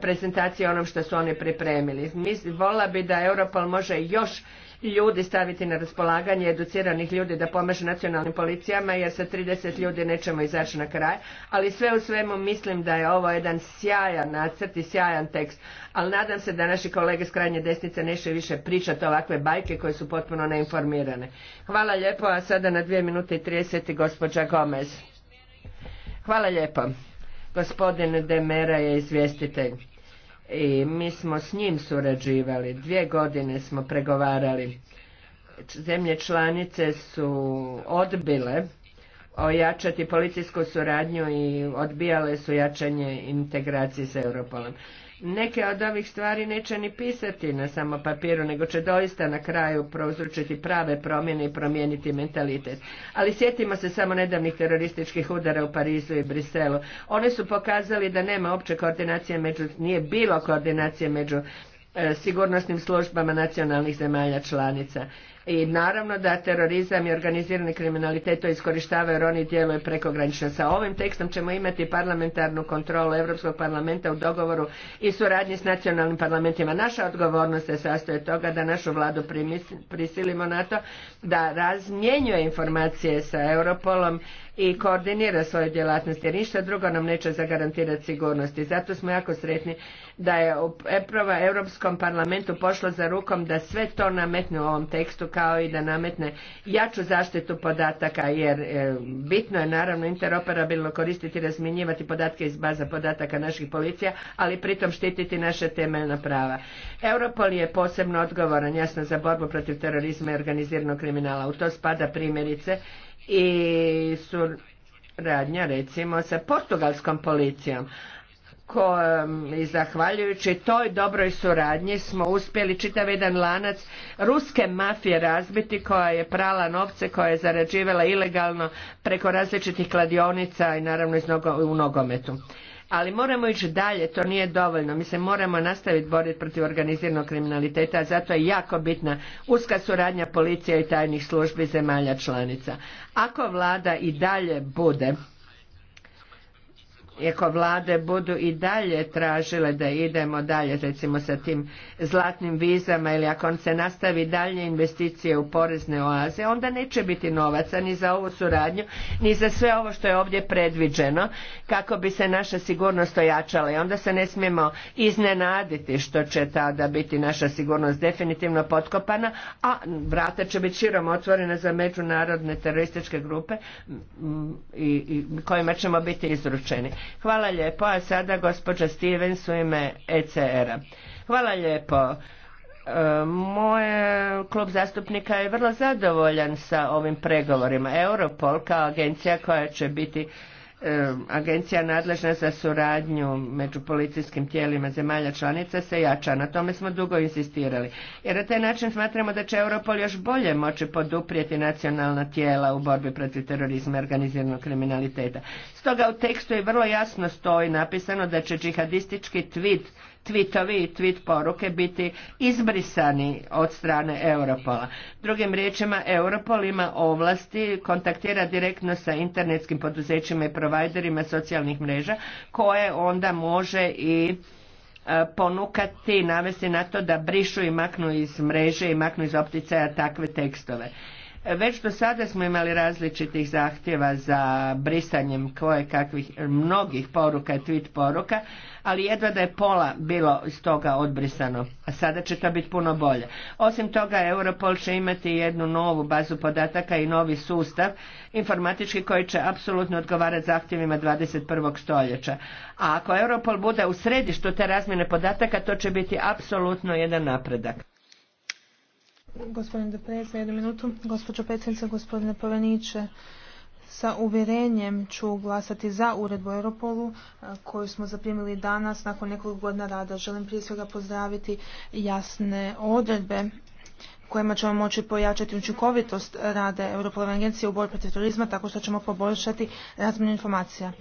prezentaciji onom što su oni pripremili. Vola bi da Europol može još ljudi staviti na raspolaganje educiranih ljudi da pomažu nacionalnim policijama jer sa 30 ljudi nećemo izaći na kraj. Ali sve u svemu mislim da je ovo jedan sjajan nacrt i sjajan tekst. Ali nadam se da naši kolege s krajnje desnice neće više pričati ovakve bajke koje su potpuno neinformirane. Hvala lijepo, a sada na 2 minute i 30 gospođa Gomez. Hvala lijepo. Gospodin Demera je izvjestitelj i mi smo s njim surađivali. Dvije godine smo pregovarali. Zemlje članice su odbile ojačati policijsku suradnju i odbijale su jačanje integracije s Europolom. Neke od ovih stvari neće ni pisati na samo papiru, nego će doista na kraju prouzročiti prave promjene i promijeniti mentalitet. Ali sjetimo se samo nedavnih terorističkih udara u Parizu i Briselu. Oni su pokazali da nema opće koordinacije među, nije bilo koordinacije među e, sigurnosnim službama nacionalnih zemalja članica. I naravno da terorizam i organizirani kriminalitet to iskorištavaju jer oni djeluju prekogranično. Sa ovim tekstom ćemo imati parlamentarnu kontrolu Europskog parlamenta u dogovoru i suradnji s nacionalnim parlamentima. Naša odgovornost se sastoje toga da našu vladu prisilimo na to da razmjenjuje informacije sa Europolom i koordinira svoje djelatnosti jer ništa drugo nam neće zagarantirati sigurnosti. Zato smo jako sretni da je uprava Europskom parlamentu pošlo za rukom da sve to nametne u ovom tekstu kao i da nametne jaču zaštitu podataka jer e, bitno je naravno interoperabilno koristiti i razmjenjivati podatke iz baza podataka naših policija, ali pritom štititi naše temeljna prava. Europol je posebno odgovoran jasno za borbu protiv terorizma i organiziranog kriminala. U to spada primjerice i suradnja recimo sa portugalskom policijom ko, i zahvaljujući toj dobroj suradnji smo uspjeli čitav jedan lanac ruske mafije razbiti koja je prala novce, koja je zarađivala ilegalno preko različitih kladionica i naravno iz u nogometu ali moramo ići dalje, to nije dovoljno. Mi se moramo nastaviti boriti protiv organiziranog kriminaliteta, a zato je jako bitna uska suradnja policije i tajnih službi zemalja članica. Ako vlada i dalje bude iako vlade budu i dalje tražile da idemo dalje recimo sa tim zlatnim vizama ili ako se nastavi dalje investicije u porezne oaze onda neće biti novaca ni za ovu suradnju ni za sve ovo što je ovdje predviđeno kako bi se naša sigurnost ojačala i onda se ne smijemo iznenaditi što će tada biti naša sigurnost definitivno potkopana a vrata će biti širom otvorena za međunarodne terorističke grupe i kojima ćemo biti izručeni Hvala lijepo, a sada gospođa Stevens u ime ECR-a. Hvala lijepo. E, Moj klub zastupnika je vrlo zadovoljan sa ovim pregovorima. Europol kao agencija koja će biti agencija nadležna za suradnju među policijskim tijelima zemalja članica se jača. Na tome smo dugo insistirali. Jer na taj način smatramo da će Europol još bolje moći poduprijeti nacionalna tijela u borbi protiv terorizma i organiziranog kriminaliteta. Stoga u tekstu je vrlo jasno stoji napisano da će džihadistički tweet tweetovi i tweet poruke biti izbrisani od strane Europola. Drugim riječima, Europol ima ovlasti, kontaktira direktno sa internetskim poduzećima i providerima socijalnih mreža koje onda može i e, ponukati, navesti na to da brišu i maknu iz mreže i maknu iz opticaja takve tekstove. Već do sada smo imali različitih zahtjeva za brisanjem koje kakvih mnogih poruka i tweet poruka, ali jedva da je pola bilo iz toga odbrisano, a sada će to biti puno bolje. Osim toga, Europol će imati jednu novu bazu podataka i novi sustav informatički koji će apsolutno odgovarati zahtjevima 21. stoljeća. A ako Europol bude u središtu te razmjene podataka, to će biti apsolutno jedan napredak. Gospodine, Depre, za jednu minutu. Gospođo predsjednice, gospodine Poveniće, sa uvjerenjem ću glasati za uredbu Europolu koju smo zaprimili danas nakon nekoliko godina rada. Želim prije svega pozdraviti jasne odredbe kojima ćemo moći pojačati učinkovitost rada Europolove agencije u borbi protiv turizma tako što ćemo poboljšati razmjenu informacija.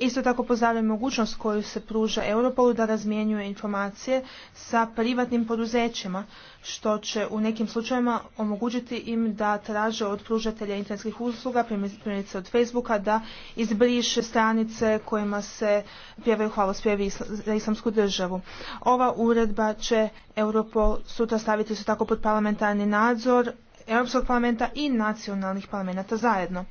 Isto tako pozdravljam mogućnost koju se pruža Europolu da razmjenjuje informacije sa privatnim poduzećima, što će u nekim slučajevima omogućiti im da traže od pružatelja internetskih usluga, primjerice od Facebooka, da izbriše stranice kojima se pjevaju hvalospjevi za islamsku državu. Ova uredba će Europol sutra staviti su tako pod parlamentarni nadzor Europskog parlamenta i nacionalnih parlamenta zajedno.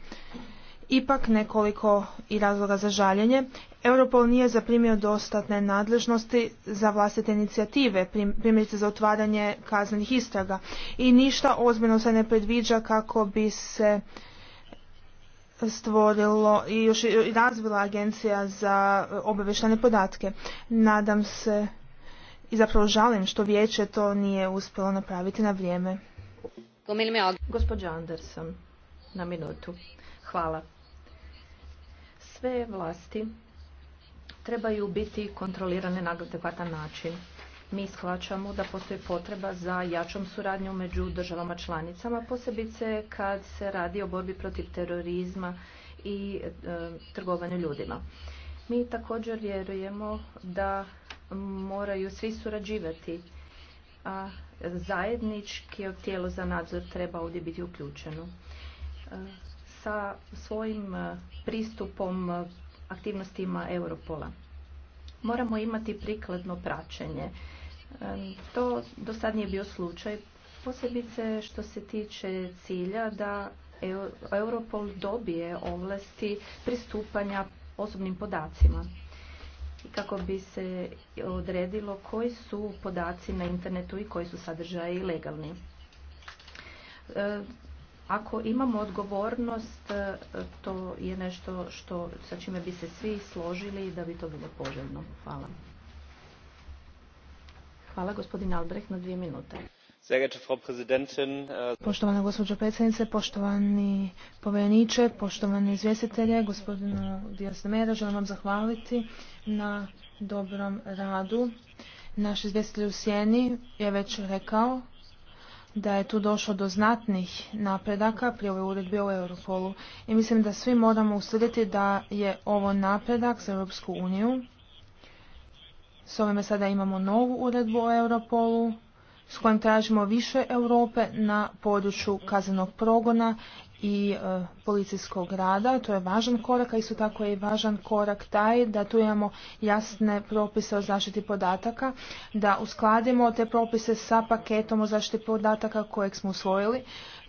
Ipak nekoliko i razloga za žaljenje. Europol nije zaprimio dostatne nadležnosti za vlastite inicijative, primjerice za otvaranje kaznenih istraga. I ništa ozbiljno se ne predviđa kako bi se stvorilo i još i razvila agencija za obaveštane podatke. Nadam se i zapravo žalim što vijeće to nije uspjelo napraviti na vrijeme. Gospođa Anderson, na minutu. Hvala. Sve vlasti trebaju biti kontrolirane na adekvatan način. Mi shvaćamo da postoji potreba za jačom suradnju među državama članicama, posebice kad se radi o borbi protiv terorizma i e, trgovanju ljudima. Mi također vjerujemo da moraju svi surađivati, a zajednički tijelo za nadzor treba ovdje biti uključeno. E, sa svojim e, pristupom e, aktivnostima Europola. Moramo imati prikladno praćenje. E, to do sad nije bio slučaj, posebice što se tiče cilja da Europol dobije ovlasti pristupanja osobnim podacima kako bi se odredilo koji su podaci na internetu i koji su sadržaji legalni. Ako imamo odgovornost, e, to je nešto što, sa čime bi se svi složili da bi to bilo poželjno. Hvala. Hvala, gospodin Albrecht, na dvije minute. Äh, Poštovana gospođo predsjednice, poštovani povjereniče, poštovani izvjestitelje, gospodinu Mera, želim vam zahvaliti na dobrom radu. Naš izvjestitelj u Sjeni je već rekao da je tu došlo do znatnih napredaka pri ovoj uredbi o Europolu i mislim da svi moramo ustvrditi da je ovo napredak za Europsku uniju. S ovime sada imamo novu uredbu o Europolu s kojim tražimo više Europe na području kaznenog progona i e, policijskog rada. To je važan korak, a isto tako je i važan korak taj da tu imamo jasne propise o zaštiti podataka, da uskladimo te propise sa paketom o zaštiti podataka kojeg smo usvojili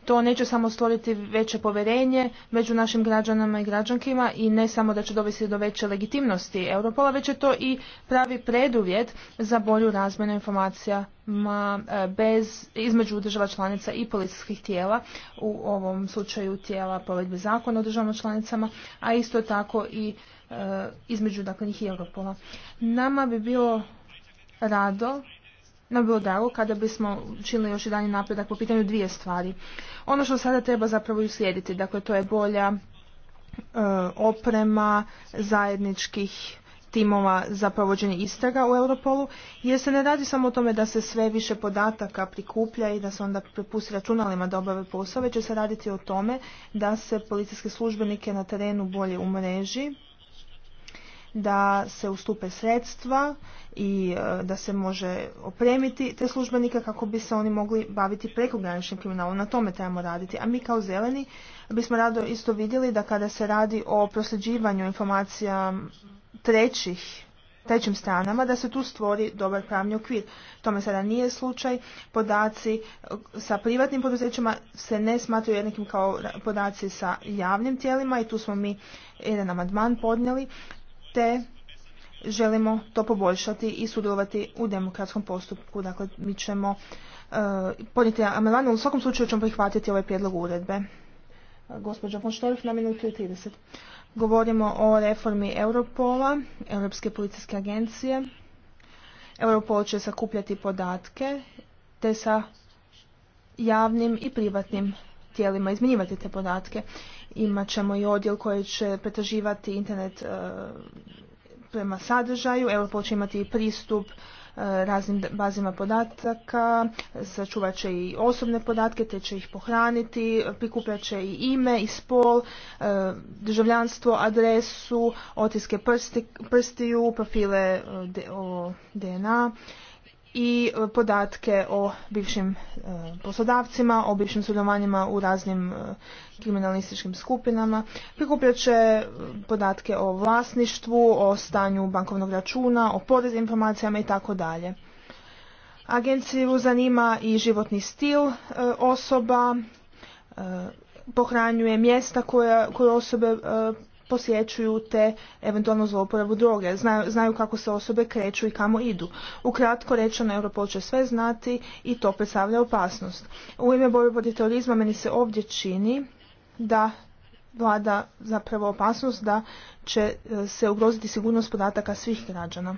to neće samo stvoriti veće povjerenje među našim građanama i građankima i ne samo da će dovesti do veće legitimnosti Europola, već je to i pravi preduvjet za bolju razmjenu informacijama e, bez, između država članica i policijskih tijela, u ovom slučaju tijela provedbe zakona o državama članicama, a isto tako i e, između dakle, njih i Europola. Nama bi bilo rado na bilo drago kada bismo učinili još i napredak po pitanju dvije stvari. Ono što sada treba zapravo i slijediti, dakle to je bolja e, oprema zajedničkih timova za provođenje istraga u Europolu, jer se ne radi samo o tome da se sve više podataka prikuplja i da se onda prepusti računalima da obave posao, već će se raditi o tome da se policijske službenike na terenu bolje umreži da se ustupe sredstva i e, da se može opremiti te službenike kako bi se oni mogli baviti prekograničnim kriminalom. Na tome trebamo raditi. A mi kao zeleni bismo rado isto vidjeli da kada se radi o prosljeđivanju informacija trećih trećim stranama da se tu stvori dobar pravni okvir. Tome sada nije slučaj. Podaci e, sa privatnim poduzećima se ne smatruju jednakim kao podaci sa javnim tijelima i tu smo mi jedan amandman podnijeli te želimo to poboljšati i sudjelovati u demokratskom postupku. Dakle, mi ćemo e, podnijeti amelanu, u svakom slučaju ćemo prihvatiti ovaj prijedlog uredbe. E, gospođa von Štorif na minutu i 30. Govorimo o reformi Europola, Europske policijske agencije. Europol će sakupljati podatke te sa javnim i privatnim tijelima izmjenjivati te podatke. Imat ćemo i odjel koji će pretraživati internet e, prema sadržaju. Europol će imati i pristup e, raznim bazima podataka, sačuvat će i osobne podatke, te će ih pohraniti, prikupljat će i ime i spol, e, državljanstvo, adresu, otiske prstiju, profile DNA, i e, podatke o bivšim e, poslodavcima, o bivšim sudovanjima u raznim e, kriminalističkim skupinama. Prikupljat će podatke o vlasništvu, o stanju bankovnog računa, o poreznim informacijama i tako dalje. Agenciju zanima i životni stil osoba, pohranjuje mjesta koje, koje osobe posjećuju te eventualno zlouporabu droge, znaju, kako se osobe kreću i kamo idu. Ukratko rečeno, Europol će sve znati i to predstavlja opasnost. U ime borbe protiv terorizma meni se ovdje čini da vlada zapravo opasnost da će e, se ugroziti sigurnost podataka svih građana.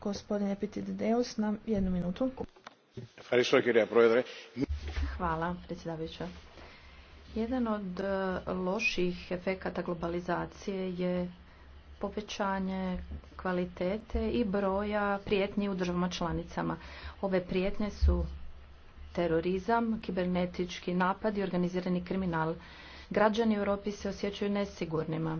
Gospodine Pitideus, na jednu minutu. Hvala, predsjedavajuća. Jedan od e, loših efekata globalizacije je povećanje kvalitete i broja prijetnji u državama članicama. Ove prijetnje su terorizam, kibernetički napad i organizirani kriminal. Građani u Europi se osjećaju nesigurnima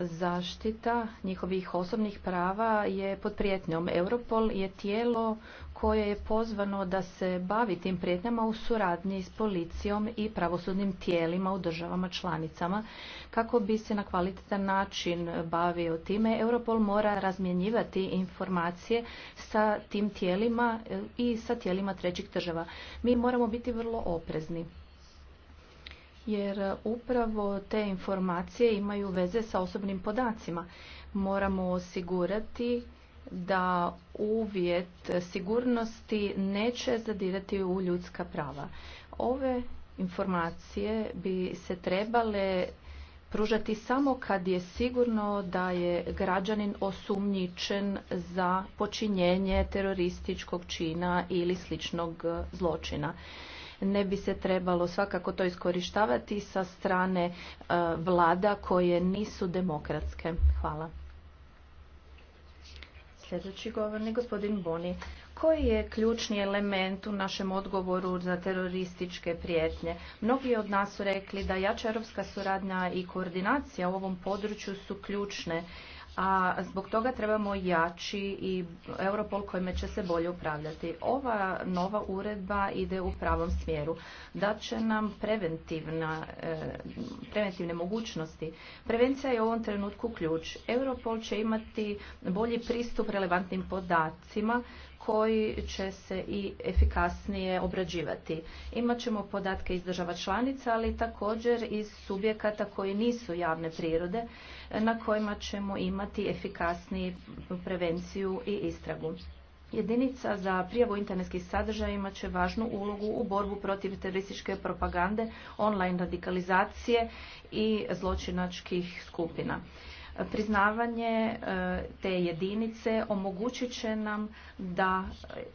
zaštita njihovih osobnih prava je pod prijetnjom. Europol je tijelo koje je pozvano da se bavi tim prijetnjama u suradnji s policijom i pravosudnim tijelima u državama članicama. Kako bi se na kvalitetan način bavio time, Europol mora razmjenjivati informacije sa tim tijelima e, i sa tijelima trećih država. Mi moramo biti vrlo oprezni jer upravo te informacije imaju veze sa osobnim podacima. Moramo osigurati da uvjet sigurnosti neće zadirati u ljudska prava. Ove informacije bi se trebale pružati samo kad je sigurno da je građanin osumnjičen za počinjenje terorističkog čina ili sličnog zločina ne bi se trebalo svakako to iskorištavati sa strane e, vlada koje nisu demokratske. Hvala. Sljedeći govorni gospodin Boni. Koji je ključni element u našem odgovoru za terorističke prijetnje? Mnogi od nas su rekli da jača europska suradnja i koordinacija u ovom području su ključne a zbog toga trebamo jači i Europol kojime će se bolje upravljati. Ova nova uredba ide u pravom smjeru. Da će nam preventivna, e, preventivne mogućnosti. Prevencija je u ovom trenutku ključ. Europol će imati bolji pristup relevantnim podacima koji će se i efikasnije obrađivati. Imaćemo podatke iz država članica, ali također iz subjekata koji nisu javne prirode na kojima ćemo imati efikasniju prevenciju i istragu. Jedinica za prijavu internetskih sadržaja imat će važnu ulogu u borbu protiv terorističke propagande, online radikalizacije i zločinačkih skupina. Priznavanje e, te jedinice omogućit će nam da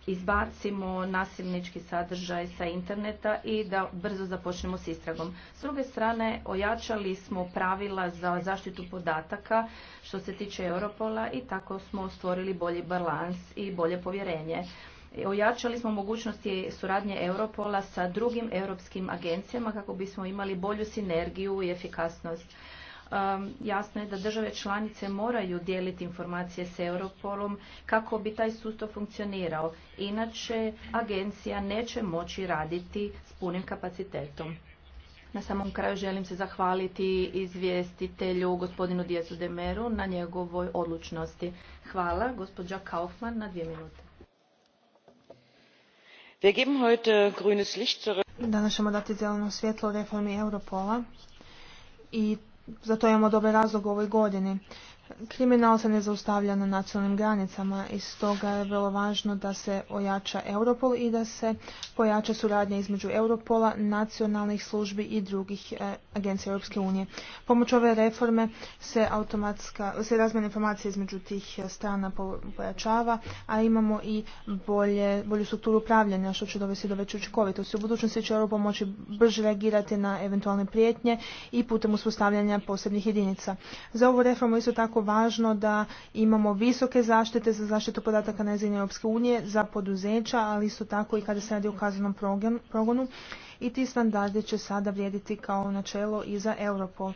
izbacimo nasilnički sadržaj sa interneta i da brzo započnemo s istragom. S druge strane, ojačali smo pravila za zaštitu podataka što se tiče Europola i tako smo stvorili bolji balans i bolje povjerenje. Ojačali smo mogućnosti suradnje Europola sa drugim europskim agencijama kako bismo imali bolju sinergiju i efikasnost jasno je da države članice moraju dijeliti informacije s Europolom kako bi taj sustav funkcionirao. Inače, agencija neće moći raditi s punim kapacitetom. Na samom kraju želim se zahvaliti izvjestitelju gospodinu Dijezu Demeru na njegovoj odlučnosti. Hvala. Gospođa Kaufman na dvije minute. Danas ćemo dati zeleno svjetlo reformi Europola i za to imamo dobar razlog u ovoj godini. Kriminal se ne zaustavlja na nacionalnim granicama i stoga je vrlo važno da se ojača Europol i da se pojača suradnja između Europola, nacionalnih službi i drugih e, agencija Europske unije. Pomoć ove reforme se automatska, se razmjena informacija između tih e, strana pojačava, a imamo i bolje, bolju strukturu upravljanja što će dovesti do veće učinkovitosti. U budućnosti će Europol moći brže reagirati na eventualne prijetnje i putem uspostavljanja posebnih jedinica. Za ovu reformu isto tako važno da imamo visoke zaštite za zaštitu podataka na razini Europske unije za poduzeća, ali isto tako i kada se radi o kaznenom progonu i ti standardi će sada vrijediti kao načelo i za Europol.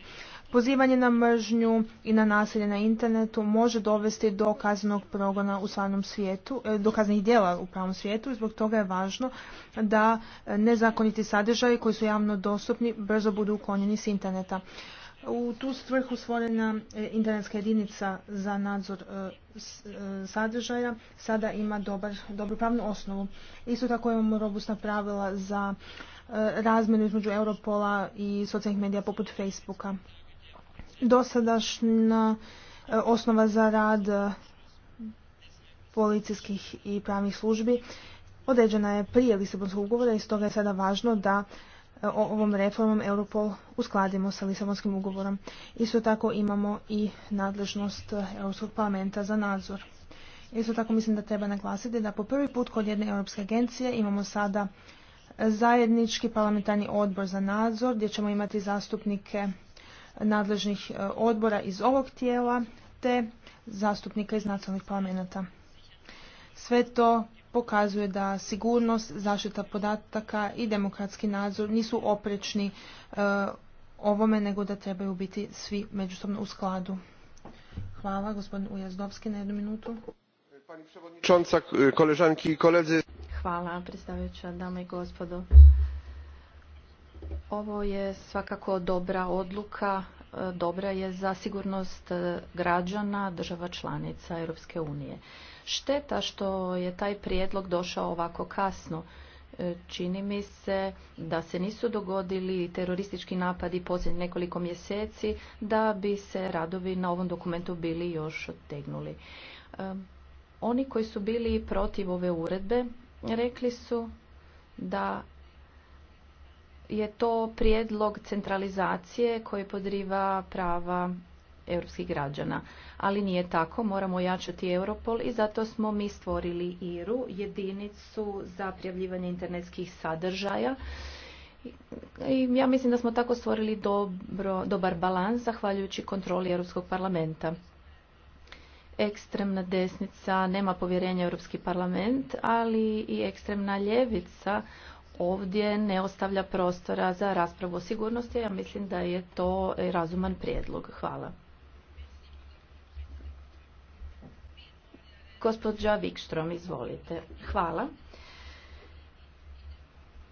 Pozivanje na mržnju i na nasilje na internetu može dovesti do kaznenog progona u stvarnom svijetu, e, do kaznenih djela u pravom svijetu i zbog toga je važno da e, nezakoniti sadržaji koji su javno dostupni brzo budu uklonjeni s interneta u tu svrhu stvorena e, internetska jedinica za nadzor e, e, sadržaja sada ima dobar, dobru pravnu osnovu. Isto tako imamo robustna pravila za razmjenu između Europola i socijalnih medija poput Facebooka. Dosadašnja osnova za rad policijskih i pravnih službi određena je prije Lisabonskog ugovora i stoga je sada važno da E, ovom reformom Europol uskladimo sa Lisabonskim ugovorom. Isto tako imamo i nadležnost e, Europskog parlamenta za nadzor. Isto tako mislim da treba naglasiti da po prvi put kod jedne Europske agencije imamo sada zajednički parlamentarni odbor za nadzor gdje ćemo imati zastupnike nadležnih e, odbora iz ovog tijela te zastupnika iz nacionalnih parlamenta. Sve to pokazuje da sigurnost, zaštita podataka i demokratski nadzor nisu oprečni e, ovome, nego da trebaju biti svi međusobno u skladu. Hvala, gospodin Ujazdovski, na jednu minutu. Hvala, predstavljajuća dama i gospodo. Ovo je svakako dobra odluka, e, dobra je za sigurnost e, građana država članica Europske unije. Šteta što je taj prijedlog došao ovako kasno. E, čini mi se da se nisu dogodili teroristički napadi posljednjih nekoliko mjeseci da bi se radovi na ovom dokumentu bili još odtegnuli. E, oni koji su bili protiv ove uredbe rekli su da je to prijedlog centralizacije koji podriva prava europskih građana. Ali nije tako, moramo ojačati Europol i zato smo mi stvorili IRU, jedinicu za prijavljivanje internetskih sadržaja. I ja mislim da smo tako stvorili dobro, dobar balans zahvaljujući kontroli Europskog parlamenta ekstremna desnica nema povjerenja Europski parlament, ali i ekstremna ljevica ovdje ne ostavlja prostora za raspravu o sigurnosti. Ja mislim da je to razuman prijedlog. Hvala. Gospođa Vikštrom, izvolite. Hvala.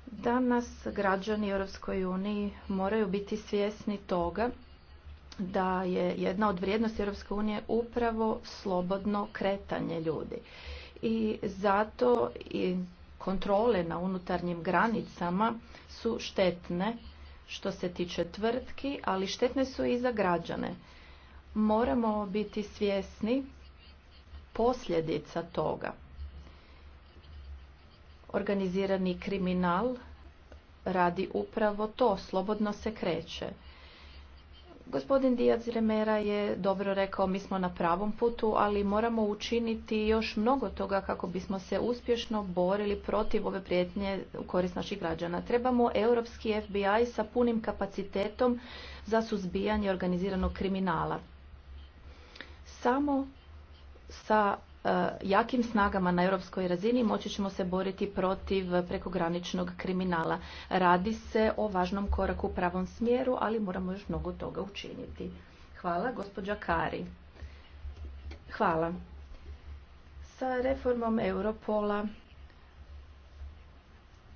Danas građani Europskoj uniji moraju biti svjesni toga da je jedna od vrijednosti Europske unije upravo slobodno kretanje ljudi. I zato i kontrole na unutarnjim granicama su štetne što se tiče tvrtki, ali štetne su i za građane. Moramo biti svjesni posljedica toga. Organizirani kriminal radi upravo to, slobodno se kreće. Gospodin Dijac Remera je dobro rekao, mi smo na pravom putu, ali moramo učiniti još mnogo toga kako bismo se uspješno borili protiv ove prijetnje u korist naših građana. Trebamo europski FBI sa punim kapacitetom za suzbijanje organiziranog kriminala. Samo sa e, jakim snagama na europskoj razini moći ćemo se boriti protiv prekograničnog kriminala. Radi se o važnom koraku u pravom smjeru, ali moramo još mnogo toga učiniti. Hvala, gospođa Kari. Hvala. Sa reformom Europola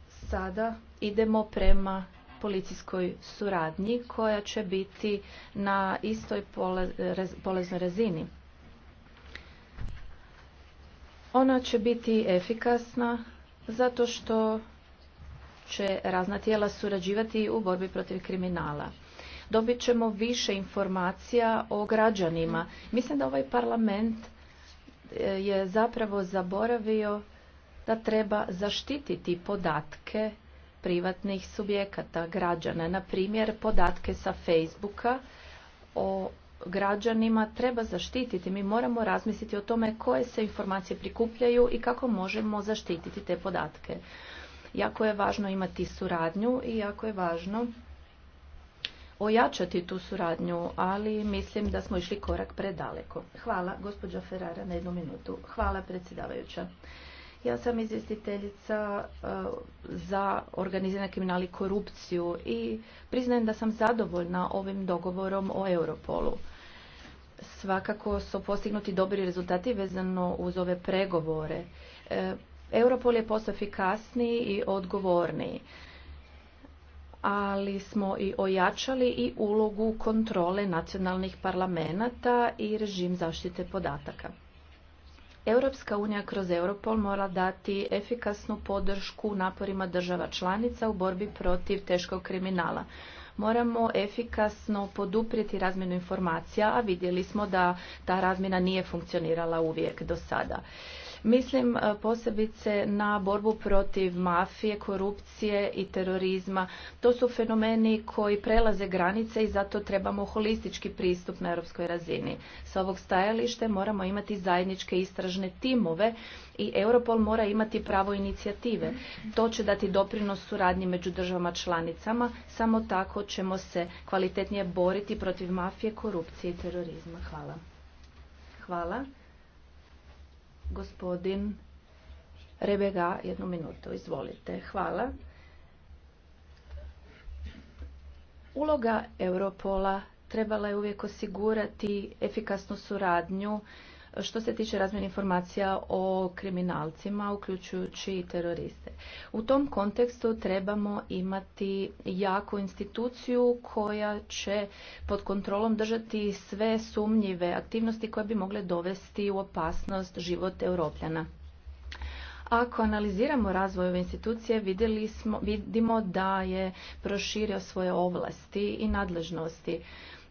sada idemo prema policijskoj suradnji koja će biti na istoj poleznoj razini. Ona će biti efikasna zato što će razna tijela surađivati u borbi protiv kriminala. Dobit ćemo više informacija o građanima. Mislim da ovaj parlament e, je zapravo zaboravio da treba zaštititi podatke privatnih subjekata, građana. Na primjer, podatke sa Facebooka o građanima treba zaštititi. Mi moramo razmisliti o tome koje se informacije prikupljaju i kako možemo zaštititi te podatke. Jako je važno imati suradnju i jako je važno ojačati tu suradnju, ali mislim da smo išli korak predaleko. Hvala, gospođa Ferrara, na jednu minutu. Hvala, predsjedavajuća. Ja sam izvjestiteljica e, za organizirani kriminal i korupciju i priznajem da sam zadovoljna ovim dogovorom o Europolu svakako su postignuti dobri rezultati vezano uz ove pregovore. E, Europol je postao efikasniji i odgovorniji, ali smo i ojačali i ulogu kontrole nacionalnih parlamenta i režim zaštite podataka. Europska unija kroz Europol mora dati efikasnu podršku naporima država članica u borbi protiv teškog kriminala. Moramo efikasno poduprijeti razmjenu informacija, a vidjeli smo da ta razmjena nije funkcionirala uvijek do sada. Mislim e, posebice na borbu protiv mafije, korupcije i terorizma. To su fenomeni koji prelaze granice i zato trebamo holistički pristup na europskoj razini. Sa ovog stajalište moramo imati zajedničke istražne timove i Europol mora imati pravo inicijative. To će dati doprinos suradnji među državama članicama, samo tako ćemo se kvalitetnije boriti protiv mafije, korupcije i terorizma. Hvala. Hvala. Gospodin Rebega, jednu minutu, izvolite. Hvala. Uloga Europola trebala je uvijek osigurati efikasnu suradnju što se tiče razmjene informacija o kriminalcima, uključujući i teroriste. U tom kontekstu trebamo imati jaku instituciju koja će pod kontrolom držati sve sumnjive aktivnosti koje bi mogle dovesti u opasnost život europljana. Ako analiziramo razvoj ove institucije, smo, vidimo da je proširio svoje ovlasti i nadležnosti.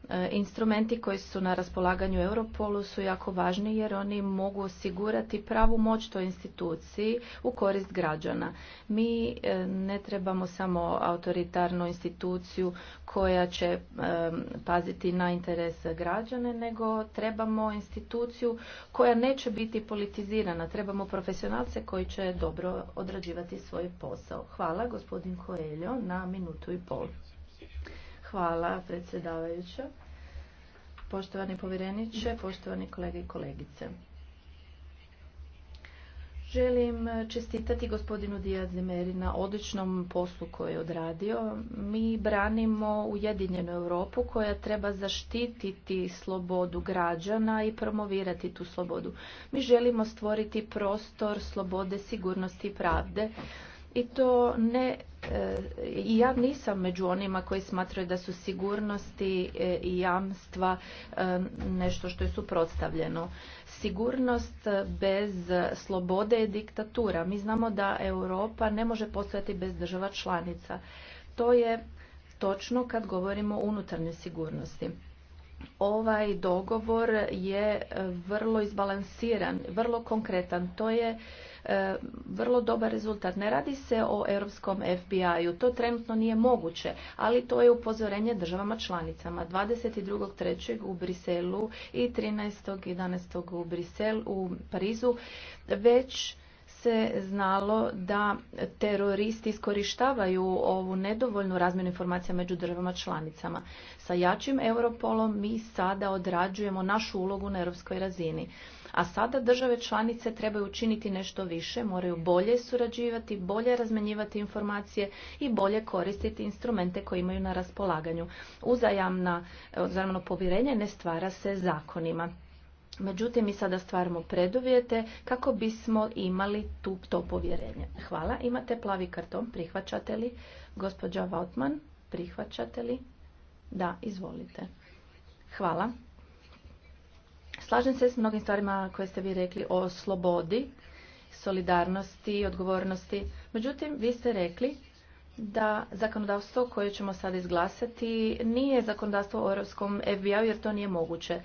E, instrumenti koji su na raspolaganju Europolu su jako važni jer oni mogu osigurati pravu moć toj instituciji u korist građana. Mi e, ne trebamo samo autoritarnu instituciju koja će e, paziti na interes građane, nego trebamo instituciju koja neće biti politizirana. Trebamo profesionalce koji će dobro odrađivati svoj posao. Hvala gospodin Koeljo na minutu i pol. Hvala predsjedavajuća. Poštovani povjereniče, poštovani kolege i kolegice. Želim čestitati gospodinu Dijazimeri na odličnom poslu koji je odradio. Mi branimo Ujedinjenu Europu koja treba zaštititi slobodu građana i promovirati tu slobodu. Mi želimo stvoriti prostor slobode, sigurnosti i pravde i to ne e, i ja nisam među onima koji smatraju da su sigurnosti e, i jamstva e, nešto što je suprotstavljeno. Sigurnost bez slobode je diktatura. Mi znamo da Europa ne može postojati bez država članica. To je točno kad govorimo o unutarnjoj sigurnosti. Ovaj dogovor je vrlo izbalansiran, vrlo konkretan. To je E, vrlo dobar rezultat. Ne radi se o europskom FBI-u, to trenutno nije moguće, ali to je upozorenje državama članicama. 22.3. u Briselu i 13.11. u Briselu, u Parizu, već se znalo da teroristi iskorištavaju ovu nedovoljnu razmjenu informacija među državama članicama. Sa jačim Europolom mi sada odrađujemo našu ulogu na europskoj razini. A sada države članice trebaju učiniti nešto više, moraju bolje surađivati, bolje razmenjivati informacije i bolje koristiti instrumente koje imaju na raspolaganju. Uzajamna, eh, uzajamno povjerenje ne stvara se zakonima. Međutim, mi sada stvaramo preduvjete kako bismo imali tu, to povjerenje. Hvala. Imate plavi karton. Prihvaćate li? Gospođa Vautman, prihvaćate li? Da, izvolite. Hvala. Slažem se s mnogim stvarima koje ste vi rekli o slobodi, solidarnosti, odgovornosti. Međutim, vi ste rekli da zakonodavstvo koje ćemo sad izglasati nije zakonodavstvo o europskom FBI-u jer to nije moguće.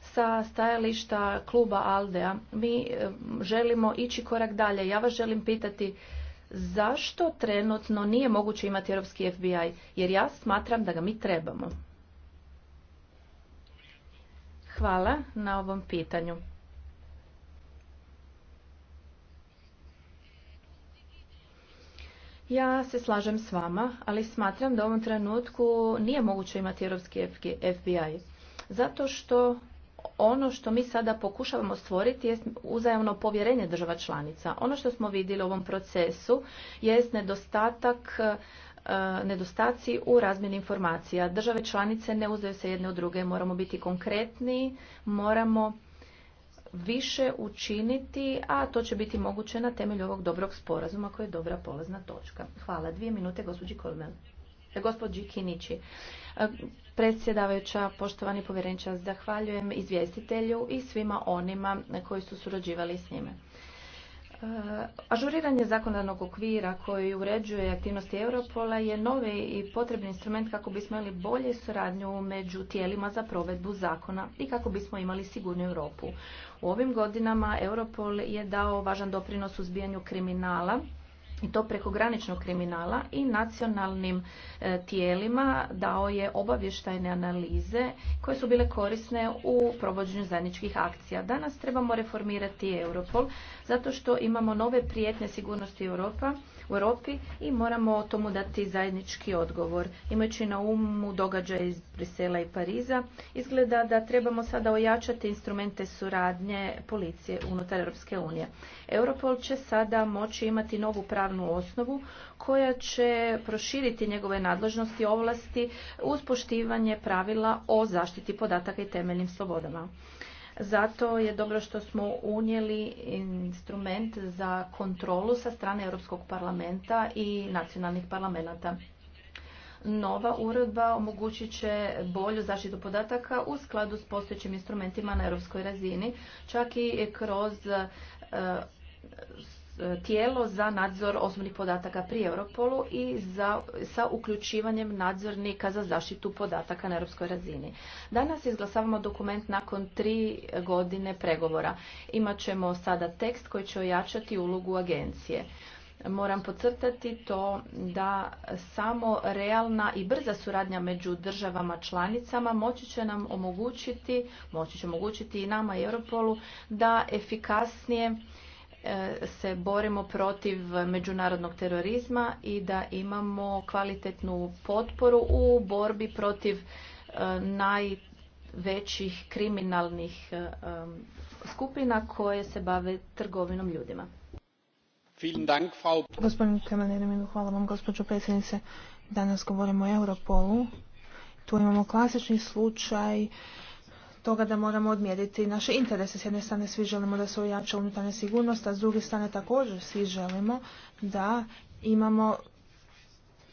Sa stajališta kluba Aldea mi eh, želimo ići korak dalje. Ja vas želim pitati zašto trenutno nije moguće imati europski FBI jer ja smatram da ga mi trebamo. Hvala na ovom pitanju. Ja se slažem s vama, ali smatram da u ovom trenutku nije moguće imati europski FBI. Zato što ono što mi sada pokušavamo stvoriti je uzajamno povjerenje država članica. Ono što smo vidjeli u ovom procesu jest nedostatak E, nedostaci u razmjeni informacija. Države članice ne uzeju se jedne od druge, moramo biti konkretni, moramo više učiniti, a to će biti moguće na temelju ovog dobrog sporazuma koji je dobra polazna točka. Hvala. Dvije minute, gospođi Kolmel. E, gospođi Kinići, e, predsjedavajuća, poštovani povjerenča zahvaljujem izvjestitelju i svima onima koji su surađivali s njime. Eh, ažuriranje zakonodavnog okvira koji uređuje aktivnosti Europola je novi i potrebni instrument kako bismo imali bolje suradnju među tijelima za provedbu zakona i kako bismo imali sigurnu Europu. U ovim godinama Europol je dao važan doprinos u zbijanju kriminala i to preko graničnog kriminala i nacionalnim e, tijelima dao je obavještajne analize koje su bile korisne u provođenju zajedničkih akcija. Danas trebamo reformirati Europol zato što imamo nove prijetne sigurnosti Europa u Europi i moramo o tomu dati zajednički odgovor. Imajući na umu događaje iz Brisela i Pariza, izgleda da trebamo sada ojačati instrumente suradnje policije unutar Europske unije. Europol će sada moći imati novu pravnu osnovu koja će proširiti njegove nadležnosti i ovlasti uz poštivanje pravila o zaštiti podataka i temeljnim slobodama. Zato je dobro što smo unijeli instrument za kontrolu sa strane Europskog parlamenta i nacionalnih parlamenta. Nova uredba omogućit će bolju zaštitu podataka u skladu s postojećim instrumentima na europskoj razini, čak i kroz e, E, tijelo za nadzor osobnih podataka pri Europolu i za, sa uključivanjem nadzornika za zaštitu podataka na europskoj razini. Danas izglasavamo dokument nakon tri godine pregovora. Imaćemo sada tekst koji će ojačati ulogu agencije. Moram podcrtati to da samo realna i brza suradnja među državama članicama moći će nam omogućiti, moći će omogućiti i nama i Europolu da efikasnije E, se borimo protiv međunarodnog terorizma i da imamo kvalitetnu potporu u borbi protiv e, najvećih kriminalnih e, skupina koje se bave trgovinom ljudima. Gospodin hvala vam gospođo predsjednice. Danas govorimo o Europolu. Tu imamo klasični slučaj toga da moramo odmjeriti naše interese. S jedne strane svi želimo da se ojača unutarnja sigurnost, a s druge strane također svi želimo da imamo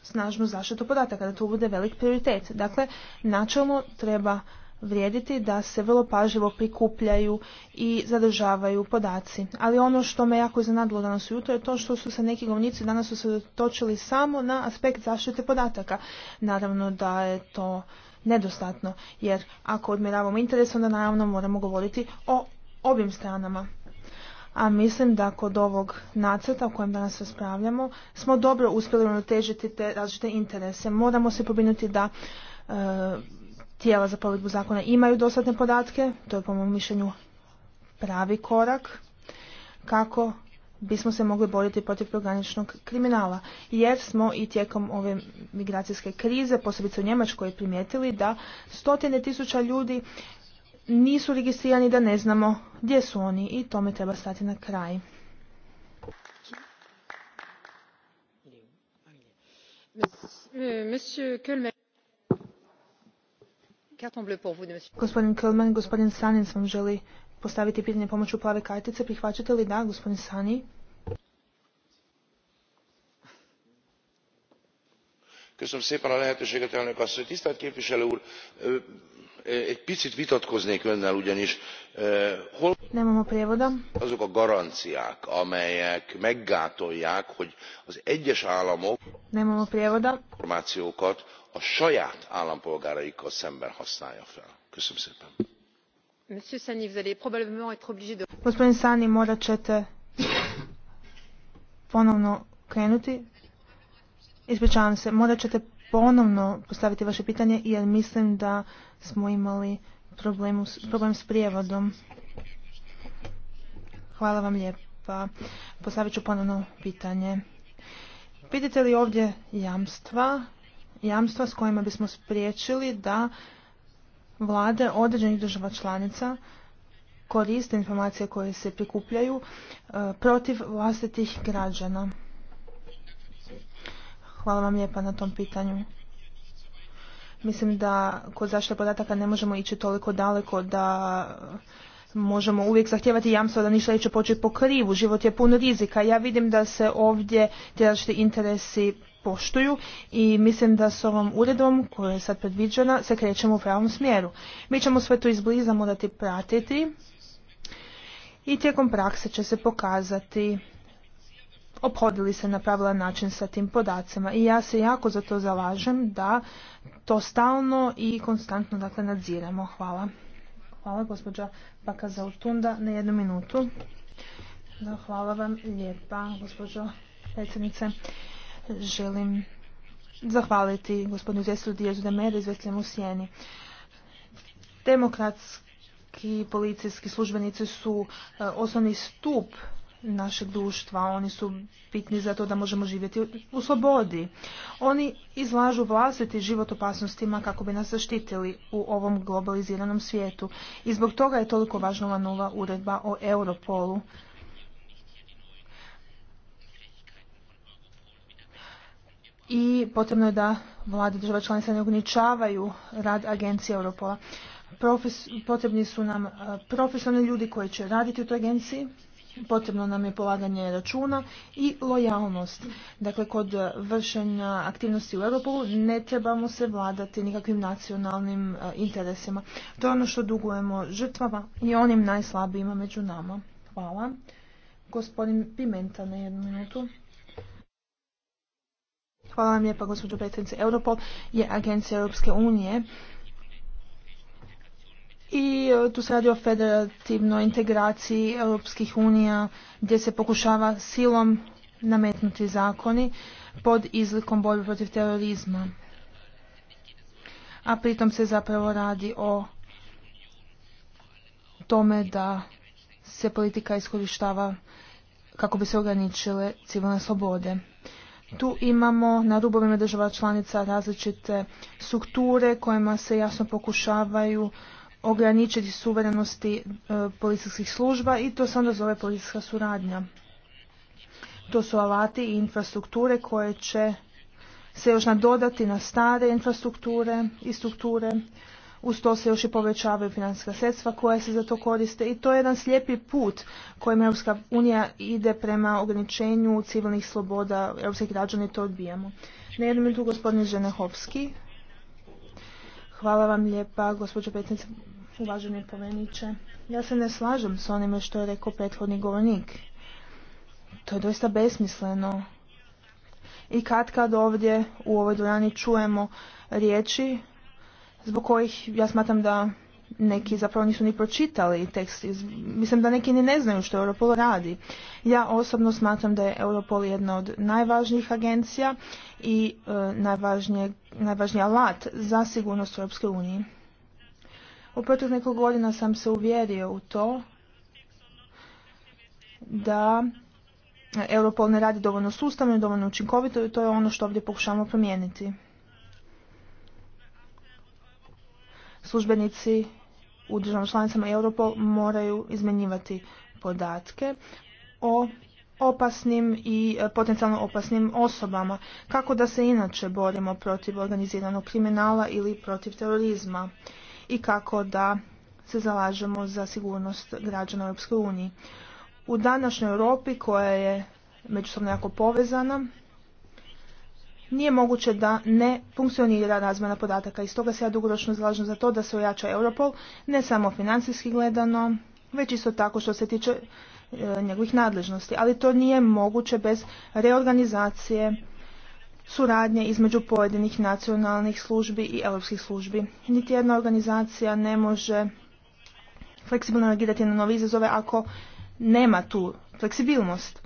snažnu zaštitu podataka, da to bude velik prioritet. Dakle, načelno treba vrijediti da se vrlo pažljivo prikupljaju i zadržavaju podaci. Ali ono što me jako iznenadilo danas ujutro je to što su se neki govnici danas usredotočili samo na aspekt zaštite podataka. Naravno da je to nedostatno. Jer ako odmiravamo interes, onda naravno moramo govoriti o obim stranama. A mislim da kod ovog nacrta o kojem danas raspravljamo smo dobro uspjeli uravnotežiti te različite interese. Moramo se pobinuti da e, tijela za provedbu zakona imaju dostatne podatke, to je po mom mišljenju pravi korak kako bismo se mogli boriti protiv prograničnog kriminala. Jer smo i tijekom ove migracijske krize, posebice u Njemačkoj, primijetili da stotine tisuća ljudi nisu registrirani da ne znamo gdje su oni i tome treba stati na kraj. Gospodin Kölman, gospodin Sanin sam želi postaviti pitanje pomoću plave kartice. Prihvaćate li da, gospodin Sani? Köszönöm szépen a lehetőséget, elnök asszony. Tisztelt képviselő úr, egy picit vitatkoznék önnel ugyanis. Hol Nemamo prévoda. Azok a garanciák, amelyek meggátolják, hogy az egyes államok Nemamo prévoda. információkat a saját állampolgáraikkal szemben használja fel. Köszönöm szépen Gospodin Sani, morat ćete ponovno krenuti. Ispričavam se, morat ćete ponovno postaviti vaše pitanje jer mislim da smo imali problem, problem s prijevodom. Hvala vam lijepa. Postavit ću ponovno pitanje. Vidite li ovdje jamstva, jamstva s kojima bismo spriječili da vlade određenih država članica koriste informacije koje se prikupljaju e, protiv vlastitih građana. Hvala vam lijepa na tom pitanju. Mislim da kod zaštite podataka ne možemo ići toliko daleko da možemo uvijek zahtijevati jamstvo da ništa neće početi po krivu. Život je puno rizika. Ja vidim da se ovdje različiti interesi poštuju i mislim da s ovom uredom koja je sad predviđena se krećemo u pravom smjeru. Mi ćemo sve to izbliza morati pratiti i tijekom prakse će se pokazati obhodili se na pravilan način sa tim podacima i ja se jako za to zalažem da to stalno i konstantno dakle nadziramo. Hvala. Hvala gospođa Baka na jednu minutu. Da, hvala vam lijepa gospođo predsjednice želim zahvaliti gospodinu izvjestitelju Dijezu Mere me u Sjeni. Demokratski policijski službenici su e, osnovni stup našeg društva, oni su bitni za to da možemo živjeti u slobodi. Oni izlažu vlastiti život opasnostima kako bi nas zaštitili u ovom globaliziranom svijetu i zbog toga je toliko važna ova nova uredba o Europolu i potrebno je da vlade država članica ne ograničavaju rad agencije Europola. potrebni su nam e, profesionalni ljudi koji će raditi u toj agenciji, potrebno nam je polaganje računa i lojalnost. Dakle, kod vršenja aktivnosti u Europolu ne trebamo se vladati nikakvim nacionalnim e, interesima. To je ono što dugujemo žrtvama i onim najslabijima među nama. Hvala. Gospodin Pimenta na jednu minutu. Hvala vam lijepa gospođo predsjednice. Europol je agencija Europske unije i e, tu se radi o federativnoj integraciji Europskih unija gdje se pokušava silom nametnuti zakoni pod izlikom borbe protiv terorizma. A pritom se zapravo radi o tome da se politika iskorištava kako bi se ograničile civilne slobode. Tu imamo na rubovima država članica različite strukture kojima se jasno pokušavaju ograničiti suverenosti e, policijskih služba i to se onda zove policijska suradnja. To su alati i infrastrukture koje će se još nadodati na stare infrastrukture i strukture uz to se još i povećavaju financijska sredstva koja se za to koriste i to je jedan slijepi put kojim Europska unija ide prema ograničenju civilnih sloboda. građana građani to odbijamo. Na jednom tu gospodin Ženehovski. Hvala vam lijepa, gospođo predsjednice, uvaženi poveniče. Ja se ne slažem s onime što je rekao prethodni govornik. To je doista besmisleno. I kad kad ovdje u ovoj dvorani čujemo riječi zbog kojih ja smatram da neki zapravo nisu ni pročitali tekst. Mislim da neki ni ne znaju što Europol radi. Ja osobno smatram da je Europol jedna od najvažnijih agencija i e, najvažniji alat za sigurnost u Europskoj uniji. U protiv nekog godina sam se uvjerio u to da Europol ne radi dovoljno sustavno i dovoljno učinkovito i to je ono što ovdje pokušavamo promijeniti. službenici u državnom članicama Europol moraju izmenjivati podatke o opasnim i e, potencijalno opasnim osobama, kako da se inače borimo protiv organiziranog kriminala ili protiv terorizma i kako da se zalažemo za sigurnost građana u Europskoj U današnjoj Europi koja je međusobno jako povezana, nije moguće da ne funkcionira razmjena podataka i stoga se ja dugoročno zalažem za to da se ojača Europol, ne samo financijski gledano, već isto tako što se tiče e, njegovih nadležnosti, ali to nije moguće bez reorganizacije suradnje između pojedinih nacionalnih službi i europskih službi. Niti jedna organizacija ne može fleksibilno reagirati na nove izazove ako nema tu fleksibilnost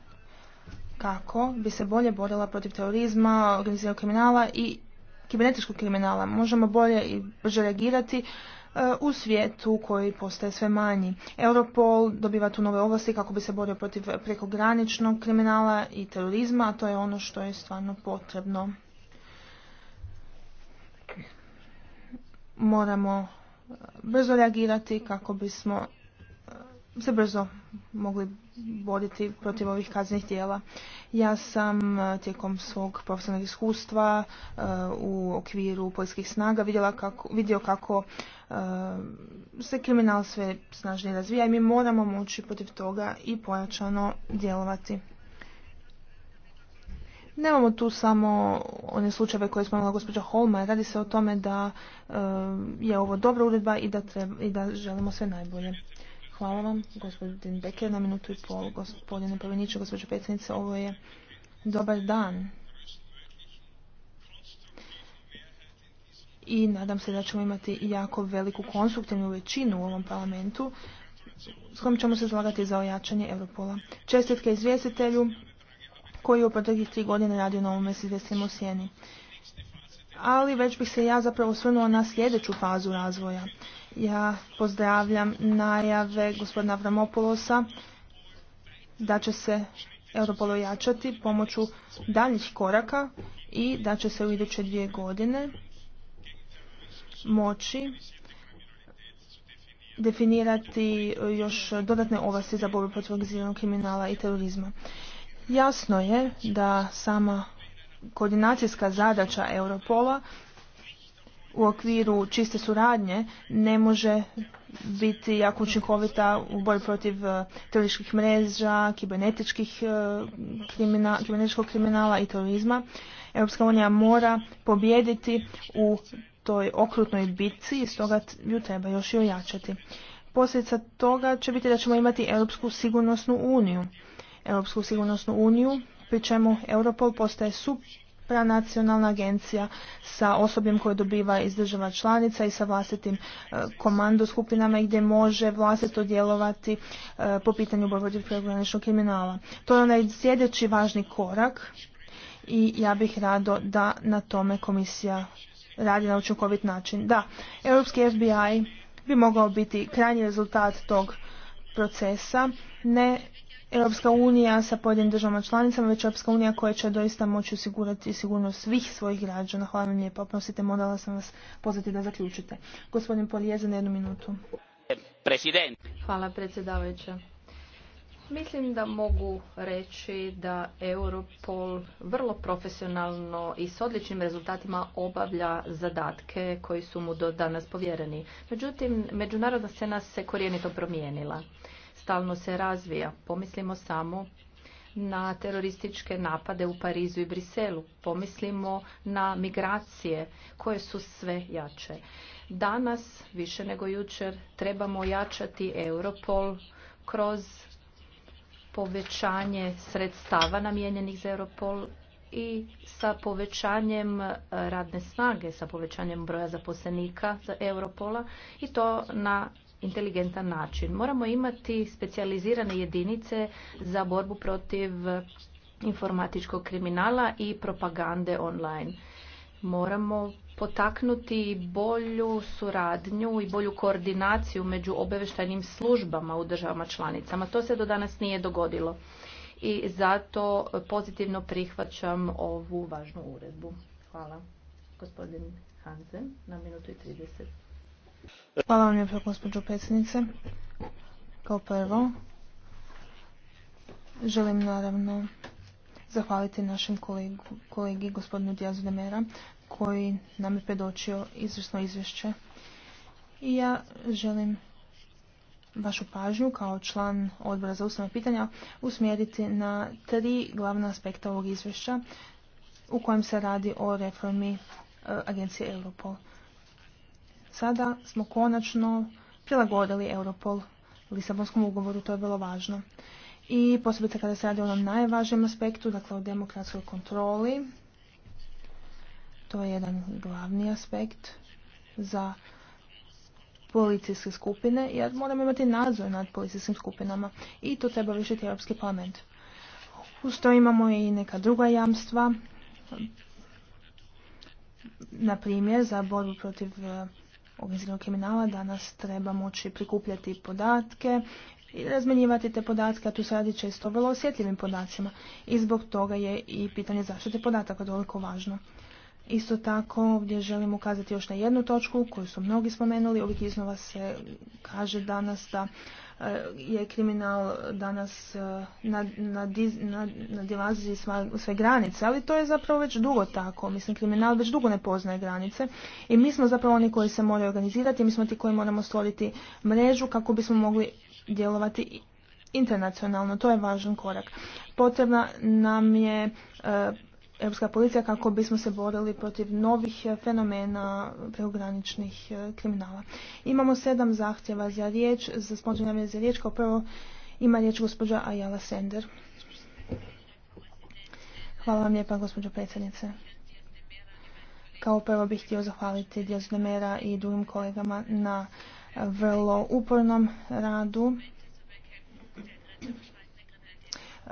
kako bi se bolje borila protiv terorizma, organiziranog kriminala i kibernetičkog kriminala. Možemo bolje i brže reagirati e, u svijetu koji postaje sve manji. Europol dobiva tu nove ovlasti kako bi se borio protiv prekograničnog kriminala i terorizma, a to je ono što je stvarno potrebno. Moramo e, brzo reagirati kako bismo se brzo mogli voditi protiv ovih kaznenih djela. Ja sam e, tijekom svog profesionalnog iskustva e, u okviru poljskih snaga vidjela kako, vidio kako e, se kriminal sve snažnije razvija i mi moramo moći protiv toga i pojačano djelovati. Nemamo tu samo one slučajeve koje spomenula gospođa Holma, radi se o tome da je ovo dobra uredba i da, i da želimo sve najbolje. Hvala vam, gospodin Beker, na minutu i pol. Gospodine Prveniću, gospođo predsjednice, ovo je dobar dan. I nadam se da ćemo imati jako veliku konstruktivnu većinu u ovom parlamentu s kojom ćemo se zalagati za ojačanje Europola. Čestitke izvjestitelju koji je u proteklih tri godine radio na ovom s o Sjeni. Ali već bih se ja zapravo osvrnula na sljedeću fazu razvoja. Ja pozdravljam najave gospodina Avramopolosa da će se Europol jačati pomoću daljih koraka i da će se u iduće dvije godine moći definirati još dodatne ovlasti za borbu protiv kriminala i terorizma. Jasno je da sama koordinacijska zadaća Europola u okviru čiste suradnje ne može biti jako učinkovita u borbi protiv e, terorističkih mreža, kibernetičkih e, kibernetičkog kriminala i terorizma. Europska unija mora pobijediti u toj okrutnoj bitci i stoga ju treba još i ojačati. Posljedica toga će biti da ćemo imati Europsku sigurnosnu uniju. Europsku sigurnosnu uniju pri čemu Europol postaje su pranacionalna agencija sa osobljem koje dobiva iz država članica i sa vlastitim e, komando skupinama gdje može vlastito djelovati e, po pitanju borbe protiv kriminala. To je onaj sljedeći važni korak i ja bih rado da na tome komisija radi na učinkovit način. Da, Europski FBI bi mogao biti krajnji rezultat tog procesa, ne Europska unija sa pojedinim državama članicama, već Europska unija koja će doista moći osigurati sigurnost svih svojih građana. Hvala vam lijepo. oprostite, morala sam vas pozvati da zaključite. Gospodin Polije, za jednu minutu. Hvala predsjedavajuća. Mislim da mogu reći da Europol vrlo profesionalno i s odličnim rezultatima obavlja zadatke koji su mu do danas povjereni. Međutim, međunarodna scena se korijenito promijenila stalno se razvija. Pomislimo samo na terorističke napade u Parizu i Briselu. Pomislimo na migracije koje su sve jače. Danas, više nego jučer, trebamo jačati Europol kroz povećanje sredstava namijenjenih za Europol i sa povećanjem radne snage, sa povećanjem broja zaposlenika za Europola i to na inteligentan način. Moramo imati specijalizirane jedinice za borbu protiv informatičkog kriminala i propagande online. Moramo potaknuti bolju suradnju i bolju koordinaciju među obavještajnim službama u državama članicama. To se do danas nije dogodilo i zato pozitivno prihvaćam ovu važnu uredbu. Hvala. Gospodin Hansen na minutu i 30. Hvala vam lijepo, gospođo predsjednice. Kao prvo, želim naravno zahvaliti našem kolegi gospodinu Dijazu Demera koji nam je predočio izvrsno izvješće. I ja želim vašu pažnju kao član odbora za ustavna pitanja usmjeriti na tri glavna aspekta ovog izvješća u kojem se radi o reformi e, agencije Europol. Sada smo konačno prilagodili Europol Lisabonskom ugovoru, to je vrlo važno. I posebice kada se radi o onom najvažnijem aspektu, dakle o demokratskoj kontroli, to je jedan glavni aspekt za policijske skupine, jer moramo imati nadzor nad policijskim skupinama i to treba višiti Europski parlament. Uz to imamo i neka druga jamstva, na primjer za borbu protiv organiziranog kriminala danas treba moći prikupljati podatke i razmenjivati te podatke, a tu se radi često o vrlo osjetljivim podacima i zbog toga je i pitanje zaštite podataka toliko važno. Isto tako ovdje želim ukazati još na jednu točku koju su mnogi spomenuli. Uvijek iznova se kaže danas da je kriminal danas e, nadilazi sve granice, ali to je zapravo već dugo tako. Mislim, kriminal već dugo ne poznaje granice i mi smo zapravo oni koji se moraju organizirati, mi smo ti koji moramo stvoriti mrežu kako bismo mogli djelovati internacionalno. To je važan korak. Potrebna nam je e, europska policija kako bismo se borili protiv novih e, fenomena preograničnih e, kriminala. Imamo sedam zahtjeva za riječ, za za riječ, kao prvo ima riječ gospođa Ajala Sender. Hvala vam lijepa gospođo predsjednice. Kao prvo bih htio zahvaliti Dios Mera i drugim kolegama na e, vrlo upornom radu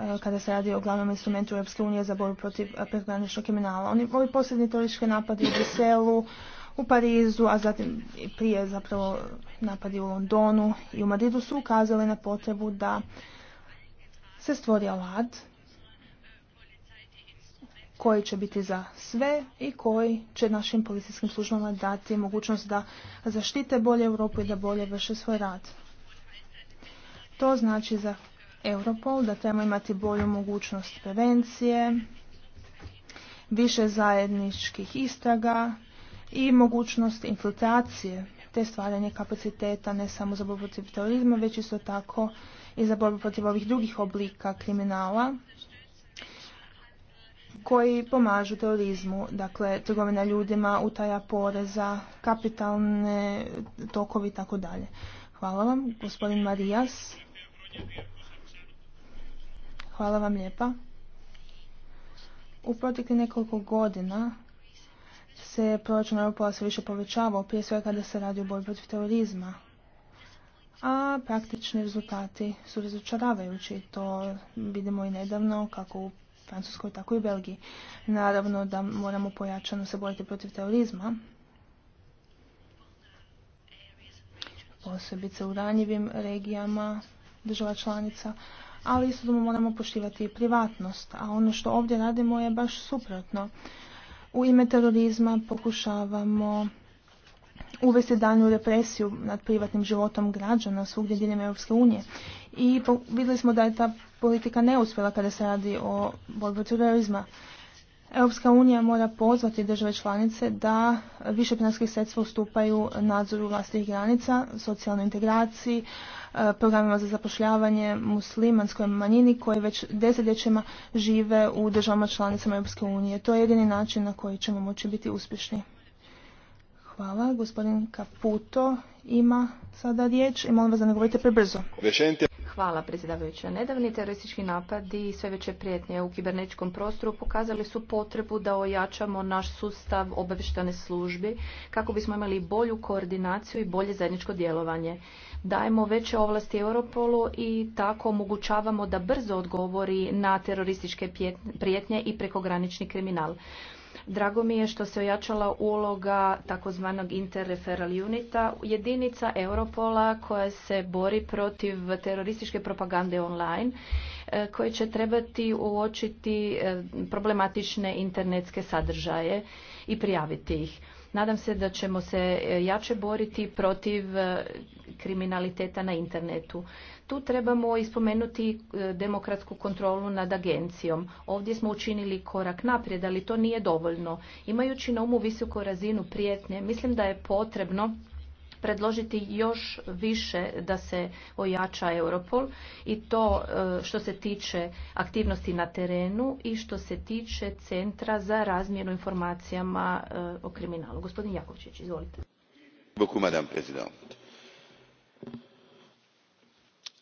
Eh, kada se radi o glavnom instrumentu Europske unije za borbu protiv eh, prekograničnog kriminala. ovi posljednji teroristički napadi u Briselu, u Parizu, a zatim prije zapravo napadi u Londonu i u Madridu su ukazali na potrebu da se stvori alat koji će biti za sve i koji će našim policijskim službama dati mogućnost da zaštite bolje Europu i da bolje vrše svoj rad. To znači za Europol, da trebamo imati bolju mogućnost prevencije, više zajedničkih istraga i mogućnost infiltracije te stvaranje kapaciteta ne samo za borbu protiv terorizma, već isto tako i za borbu protiv ovih drugih oblika kriminala koji pomažu terorizmu, dakle trgovina ljudima, utaja poreza, kapitalne tokovi i tako dalje. Hvala vam, gospodin Marijas. Hvala vam lijepa. U proteklih nekoliko godina se proračun Europola sve više povećavao, prije svega kada se radi o borbi protiv terorizma. A praktični rezultati su razočaravajući. To vidimo i nedavno kako u Francuskoj, tako i u Belgiji. Naravno da moramo pojačano se boriti protiv terorizma. Posebice u ranjivim regijama država članica, ali istodobno moramo poštivati i privatnost. A ono što ovdje radimo je baš suprotno. U ime terorizma pokušavamo uvesti danju represiju nad privatnim životom građana svugdje diljem Europske unije. I vidjeli smo da je ta politika neuspjela kada se radi o borbi terorizma. Europska unija mora pozvati države članice da više finanskih sredstva ustupaju nadzoru vlastnih granica, socijalnoj integraciji, E, programima za zapošljavanje muslimanskoj manjini koji već desetljećima žive u državama članicama Europske unije. To je jedini način na koji ćemo moći biti uspješni. Hvala. Gospodin Caputo ima sada riječ i molim vas da ne govorite prebrzo. Hvala, predsjedavajuća. Nedavni teroristički napadi i sve veće prijetnje u kibernetičkom prostoru pokazali su potrebu da ojačamo naš sustav obavještane službi kako bismo imali bolju koordinaciju i bolje zajedničko djelovanje. Dajemo veće ovlasti Europolu i tako omogućavamo da brzo odgovori na terorističke prijetnje i prekogranični kriminal. Drago mi je što se ojačala uloga takozvanog interreferal unita, jedinica Europola koja se bori protiv terorističke propagande online e, koji će trebati uočiti e, problematične internetske sadržaje i prijaviti ih. Nadam se da ćemo se e, jače boriti protiv kriminaliteta na internetu. Tu trebamo ispomenuti e, demokratsku kontrolu nad agencijom. Ovdje smo učinili korak naprijed, ali to nije dovoljno. Imajući na umu visoku razinu prijetnje, mislim da je potrebno predložiti još više da se ojača Europol i to e, što se tiče aktivnosti na terenu i što se tiče Centra za razmjenu informacijama e, o kriminalu. Gospodin Jakovčić, izvolite. madame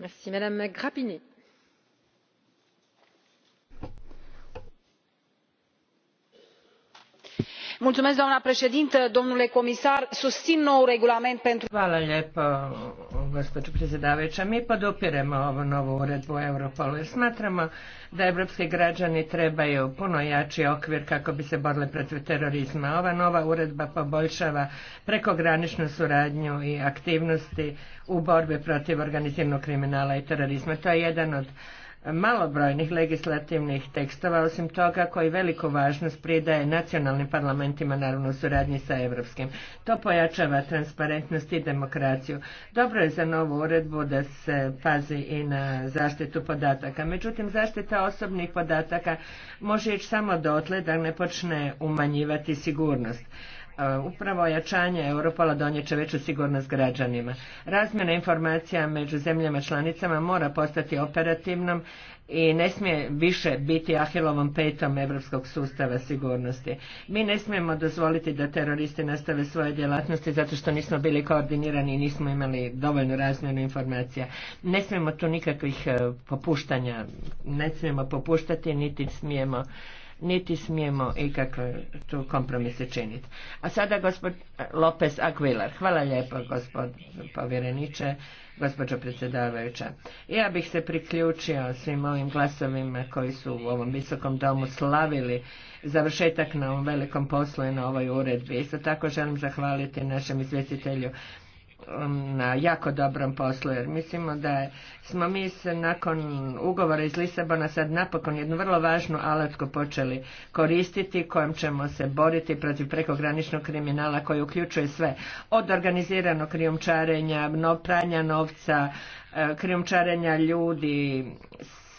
Merci, Madame Grapini. doamnă președintă domnule comisar susțin pentru. hvala lijepo gospođo predsjedavajuća mi podupiremo ovu novu uredbu o europolu jer smatramo da europski građani trebaju puno jači okvir kako bi se borili protiv terorizma. ova nova uredba poboljšava prekograničnu suradnju i aktivnosti u borbi protiv organiziranog kriminala i terorizma. to je jedan od malobrojnih legislativnih tekstova, osim toga koji veliku važnost pridaje nacionalnim parlamentima, naravno u suradnji sa europskim. To pojačava transparentnost i demokraciju. Dobro je za novu uredbu da se pazi i na zaštitu podataka. Međutim, zaštita osobnih podataka može ići samo dotle da ne počne umanjivati sigurnost. E, upravo jačanje Europola donijet će veću sigurnost građanima. Razmjena informacija među zemljama članicama mora postati operativnom i ne smije više biti ahilovom petom europskog sustava sigurnosti. Mi ne smijemo dozvoliti da teroristi nastave svoje djelatnosti zato što nismo bili koordinirani i nismo imali dovoljnu razmjenu informacija. Ne smijemo tu nikakvih e, popuštanja, ne smijemo popuštati niti smijemo niti smijemo ikakve tu kompromise činiti. A sada gospod Lopez Aguilar. Hvala lijepo gospod povjereniče, gospođo predsjedavajuća. Ja bih se priključio svim ovim glasovima koji su u ovom visokom domu slavili završetak na ovom velikom poslu i na ovoj uredbi. Isto tako želim zahvaliti našem izvjestitelju na jako dobrom poslu jer mislimo da smo mi se nakon ugovora iz Lisabona sad napokon jednu vrlo važnu alatku počeli koristiti kojom ćemo se boriti protiv prekograničnog kriminala koji uključuje sve od organiziranog krijumčarenja, pranja novca, e, krijumčarenja ljudi,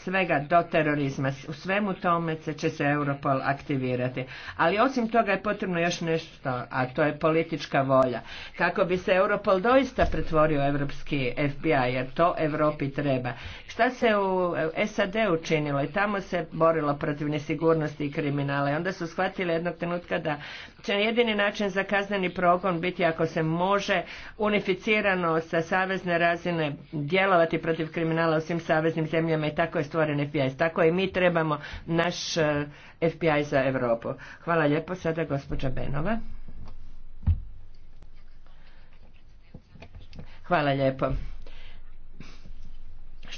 svega do terorizma. U svemu tome će se Europol aktivirati. Ali osim toga je potrebno još nešto, a to je politička volja. Kako bi se Europol doista pretvorio europski FBI, jer to Europi treba. Šta se u SAD učinilo i tamo se borilo protiv nesigurnosti i kriminala i onda su shvatili jednog trenutka da će jedini način za kazneni progon biti ako se može unificirano sa savezne razine djelovati protiv kriminala u svim saveznim zemljama i tako je stvoren FBI. Tako i mi trebamo naš eh, FBI za Europu. Hvala lijepo. Sada gospođa Benova. Hvala lijepo.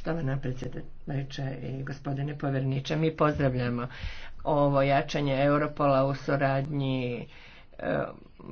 Štovana predsjedavajuća i gospodine povjerniče, mi pozdravljamo ovo jačanje Europola u suradnji e,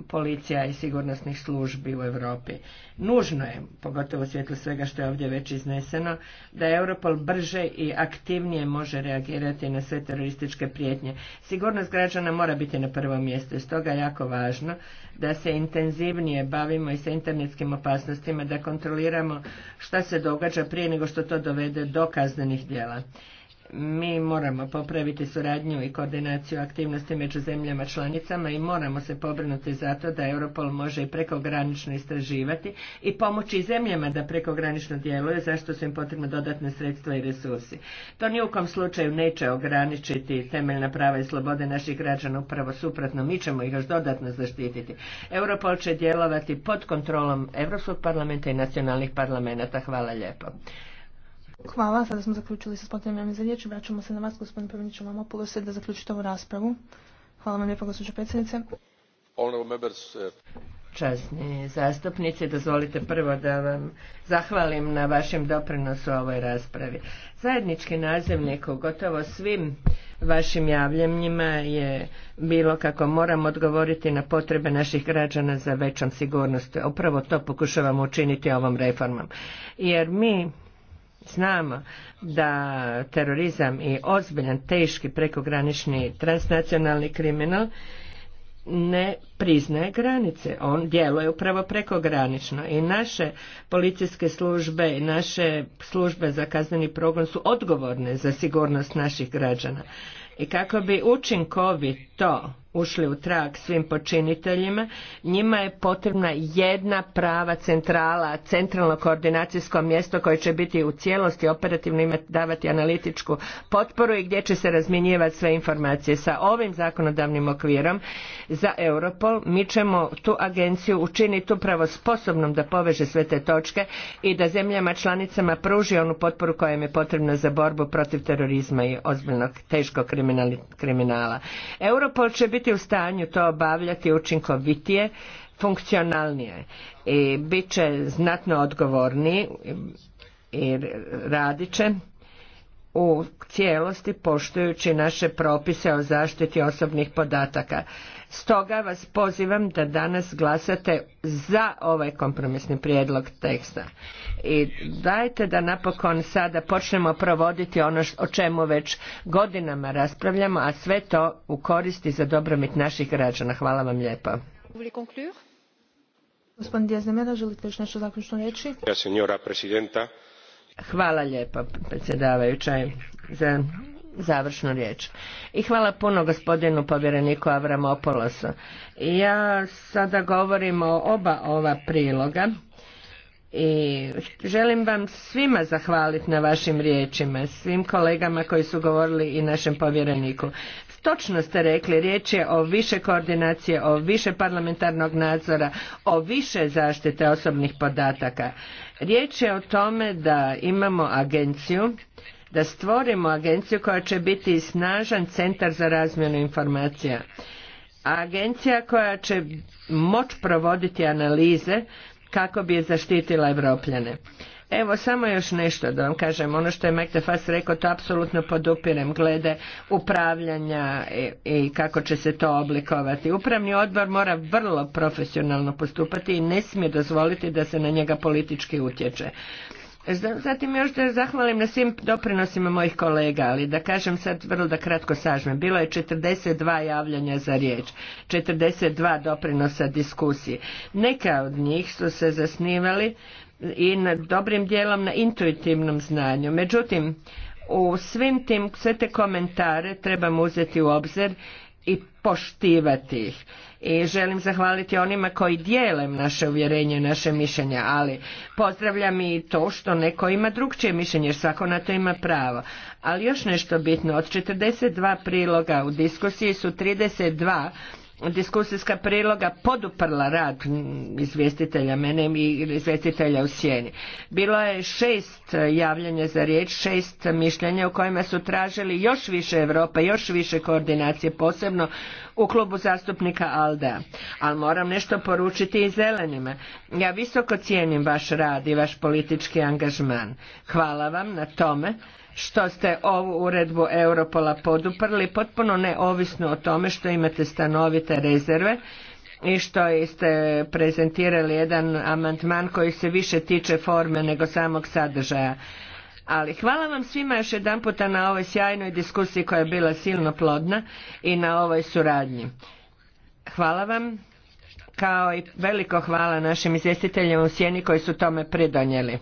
policija i sigurnosnih službi u Europi. Nužno je, pogotovo u svjetlu svega što je ovdje već izneseno, da Europol brže i aktivnije može reagirati na sve terorističke prijetnje. Sigurnost građana mora biti na prvom mjestu i stoga je jako važno da se intenzivnije bavimo i sa internetskim opasnostima, da kontroliramo šta se događa prije nego što to dovede do kaznenih djela mi moramo popraviti suradnju i koordinaciju aktivnosti među zemljama članicama i moramo se pobrinuti za to da Europol može i prekogranično istraživati i pomoći zemljama da prekogranično djeluje, zašto su im potrebno dodatne sredstva i resursi. To ni u kom slučaju neće ograničiti temeljna prava i slobode naših građana, upravo suprotno, mi ćemo ih još dodatno zaštititi. Europol će djelovati pod kontrolom Europskog parlamenta i nacionalnih parlamenta. Hvala lijepo. Hvala, sada smo zaključili sa spontanim javnim za riječ. Vraćamo se na vas, gospodin Prvenić, vam da zaključite ovu raspravu. Hvala vam lijepo, gospođo predsjednice. Eh. Časni zastupnici, dozvolite prvo da vam zahvalim na vašem doprinosu ovoj raspravi. Zajednički nazivnik u gotovo svim vašim javljenjima je bilo kako moramo odgovoriti na potrebe naših građana za većom sigurnosti. Upravo to pokušavamo učiniti ovom reformom. Jer mi Znamo da terorizam i ozbiljan, teški, prekogranični, transnacionalni kriminal ne priznaje granice. On djeluje upravo prekogranično i naše policijske službe i naše službe za kazneni progon su odgovorne za sigurnost naših građana. I kako bi učinkovito ušli u trag svim počiniteljima, njima je potrebna jedna prava centrala, centralno koordinacijsko mjesto koje će biti u cijelosti operativno imati, davati analitičku potporu i gdje će se razmjenjivati sve informacije. Sa ovim zakonodavnim okvirom za Europol mi ćemo tu agenciju učiniti upravo sposobnom da poveže sve te točke i da zemljama članicama pruži onu potporu koja im je potrebna za borbu protiv terorizma i ozbiljnog teškog kriminala. Europol će biti biti u stanju to obavljati učinkovitije, funkcionalnije i bit će znatno odgovorniji i radit će u cijelosti poštujući naše propise o zaštiti osobnih podataka. Stoga vas pozivam da danas glasate za ovaj kompromisni prijedlog teksta. I dajte da napokon sada počnemo provoditi ono o čemu već godinama raspravljamo, a sve to u koristi za dobrobit naših građana. Hvala vam lijepo. želite još nešto Hvala lijepo, predsjedavajuća završnu riječ. I hvala puno gospodinu povjereniku Avramopolosu. Ja sada govorim o oba ova priloga i želim vam svima zahvaliti na vašim riječima, svim kolegama koji su govorili i našem povjereniku. Točno ste rekli, riječ je o više koordinacije, o više parlamentarnog nadzora, o više zaštite osobnih podataka. Riječ je o tome da imamo agenciju da stvorimo agenciju koja će biti snažan centar za razmjenu informacija. Agencija koja će moć provoditi analize kako bi je zaštitila Evropljane. Evo samo još nešto da vam kažem, ono što je Mike Fast rekao, to apsolutno podupirem glede upravljanja i, i, kako će se to oblikovati. Upravni odbor mora vrlo profesionalno postupati i ne smije dozvoliti da se na njega politički utječe. Zatim još da zahvalim na svim doprinosima mojih kolega, ali da kažem sad vrlo da kratko sažmem. Bilo je 42 javljanja za riječ, 42 doprinosa diskusije. Neka od njih su se zasnivali i na dobrim dijelom na intuitivnom znanju. Međutim, u svim tim, sve te komentare trebamo uzeti u obzir i poštivati ih. I želim zahvaliti onima koji dijele naše uvjerenje naše mišljenje, ali pozdravljam i to što neko ima drugčije mišljenje, jer svako na to ima pravo. Ali još nešto bitno, od 42 priloga u diskusiji su 32 diskusijska priloga poduprla rad izvjestitelja mene i izvjestitelja u sjeni. Bilo je šest javljanja za riječ, šest mišljenja u kojima su tražili još više Europe, još više koordinacije, posebno u klubu zastupnika ALDA. Ali moram nešto poručiti i zelenima. Ja visoko cijenim vaš rad i vaš politički angažman. Hvala vam na tome što ste ovu uredbu Europola poduprli, potpuno neovisno o tome što imate stanovite rezerve i što ste prezentirali jedan amandman koji se više tiče forme nego samog sadržaja. Ali hvala vam svima još jedan puta na ovoj sjajnoj diskusiji koja je bila silno plodna i na ovoj suradnji. Hvala vam kao i veliko hvala našim izvjestiteljima u sjeni koji su tome pridonijeli.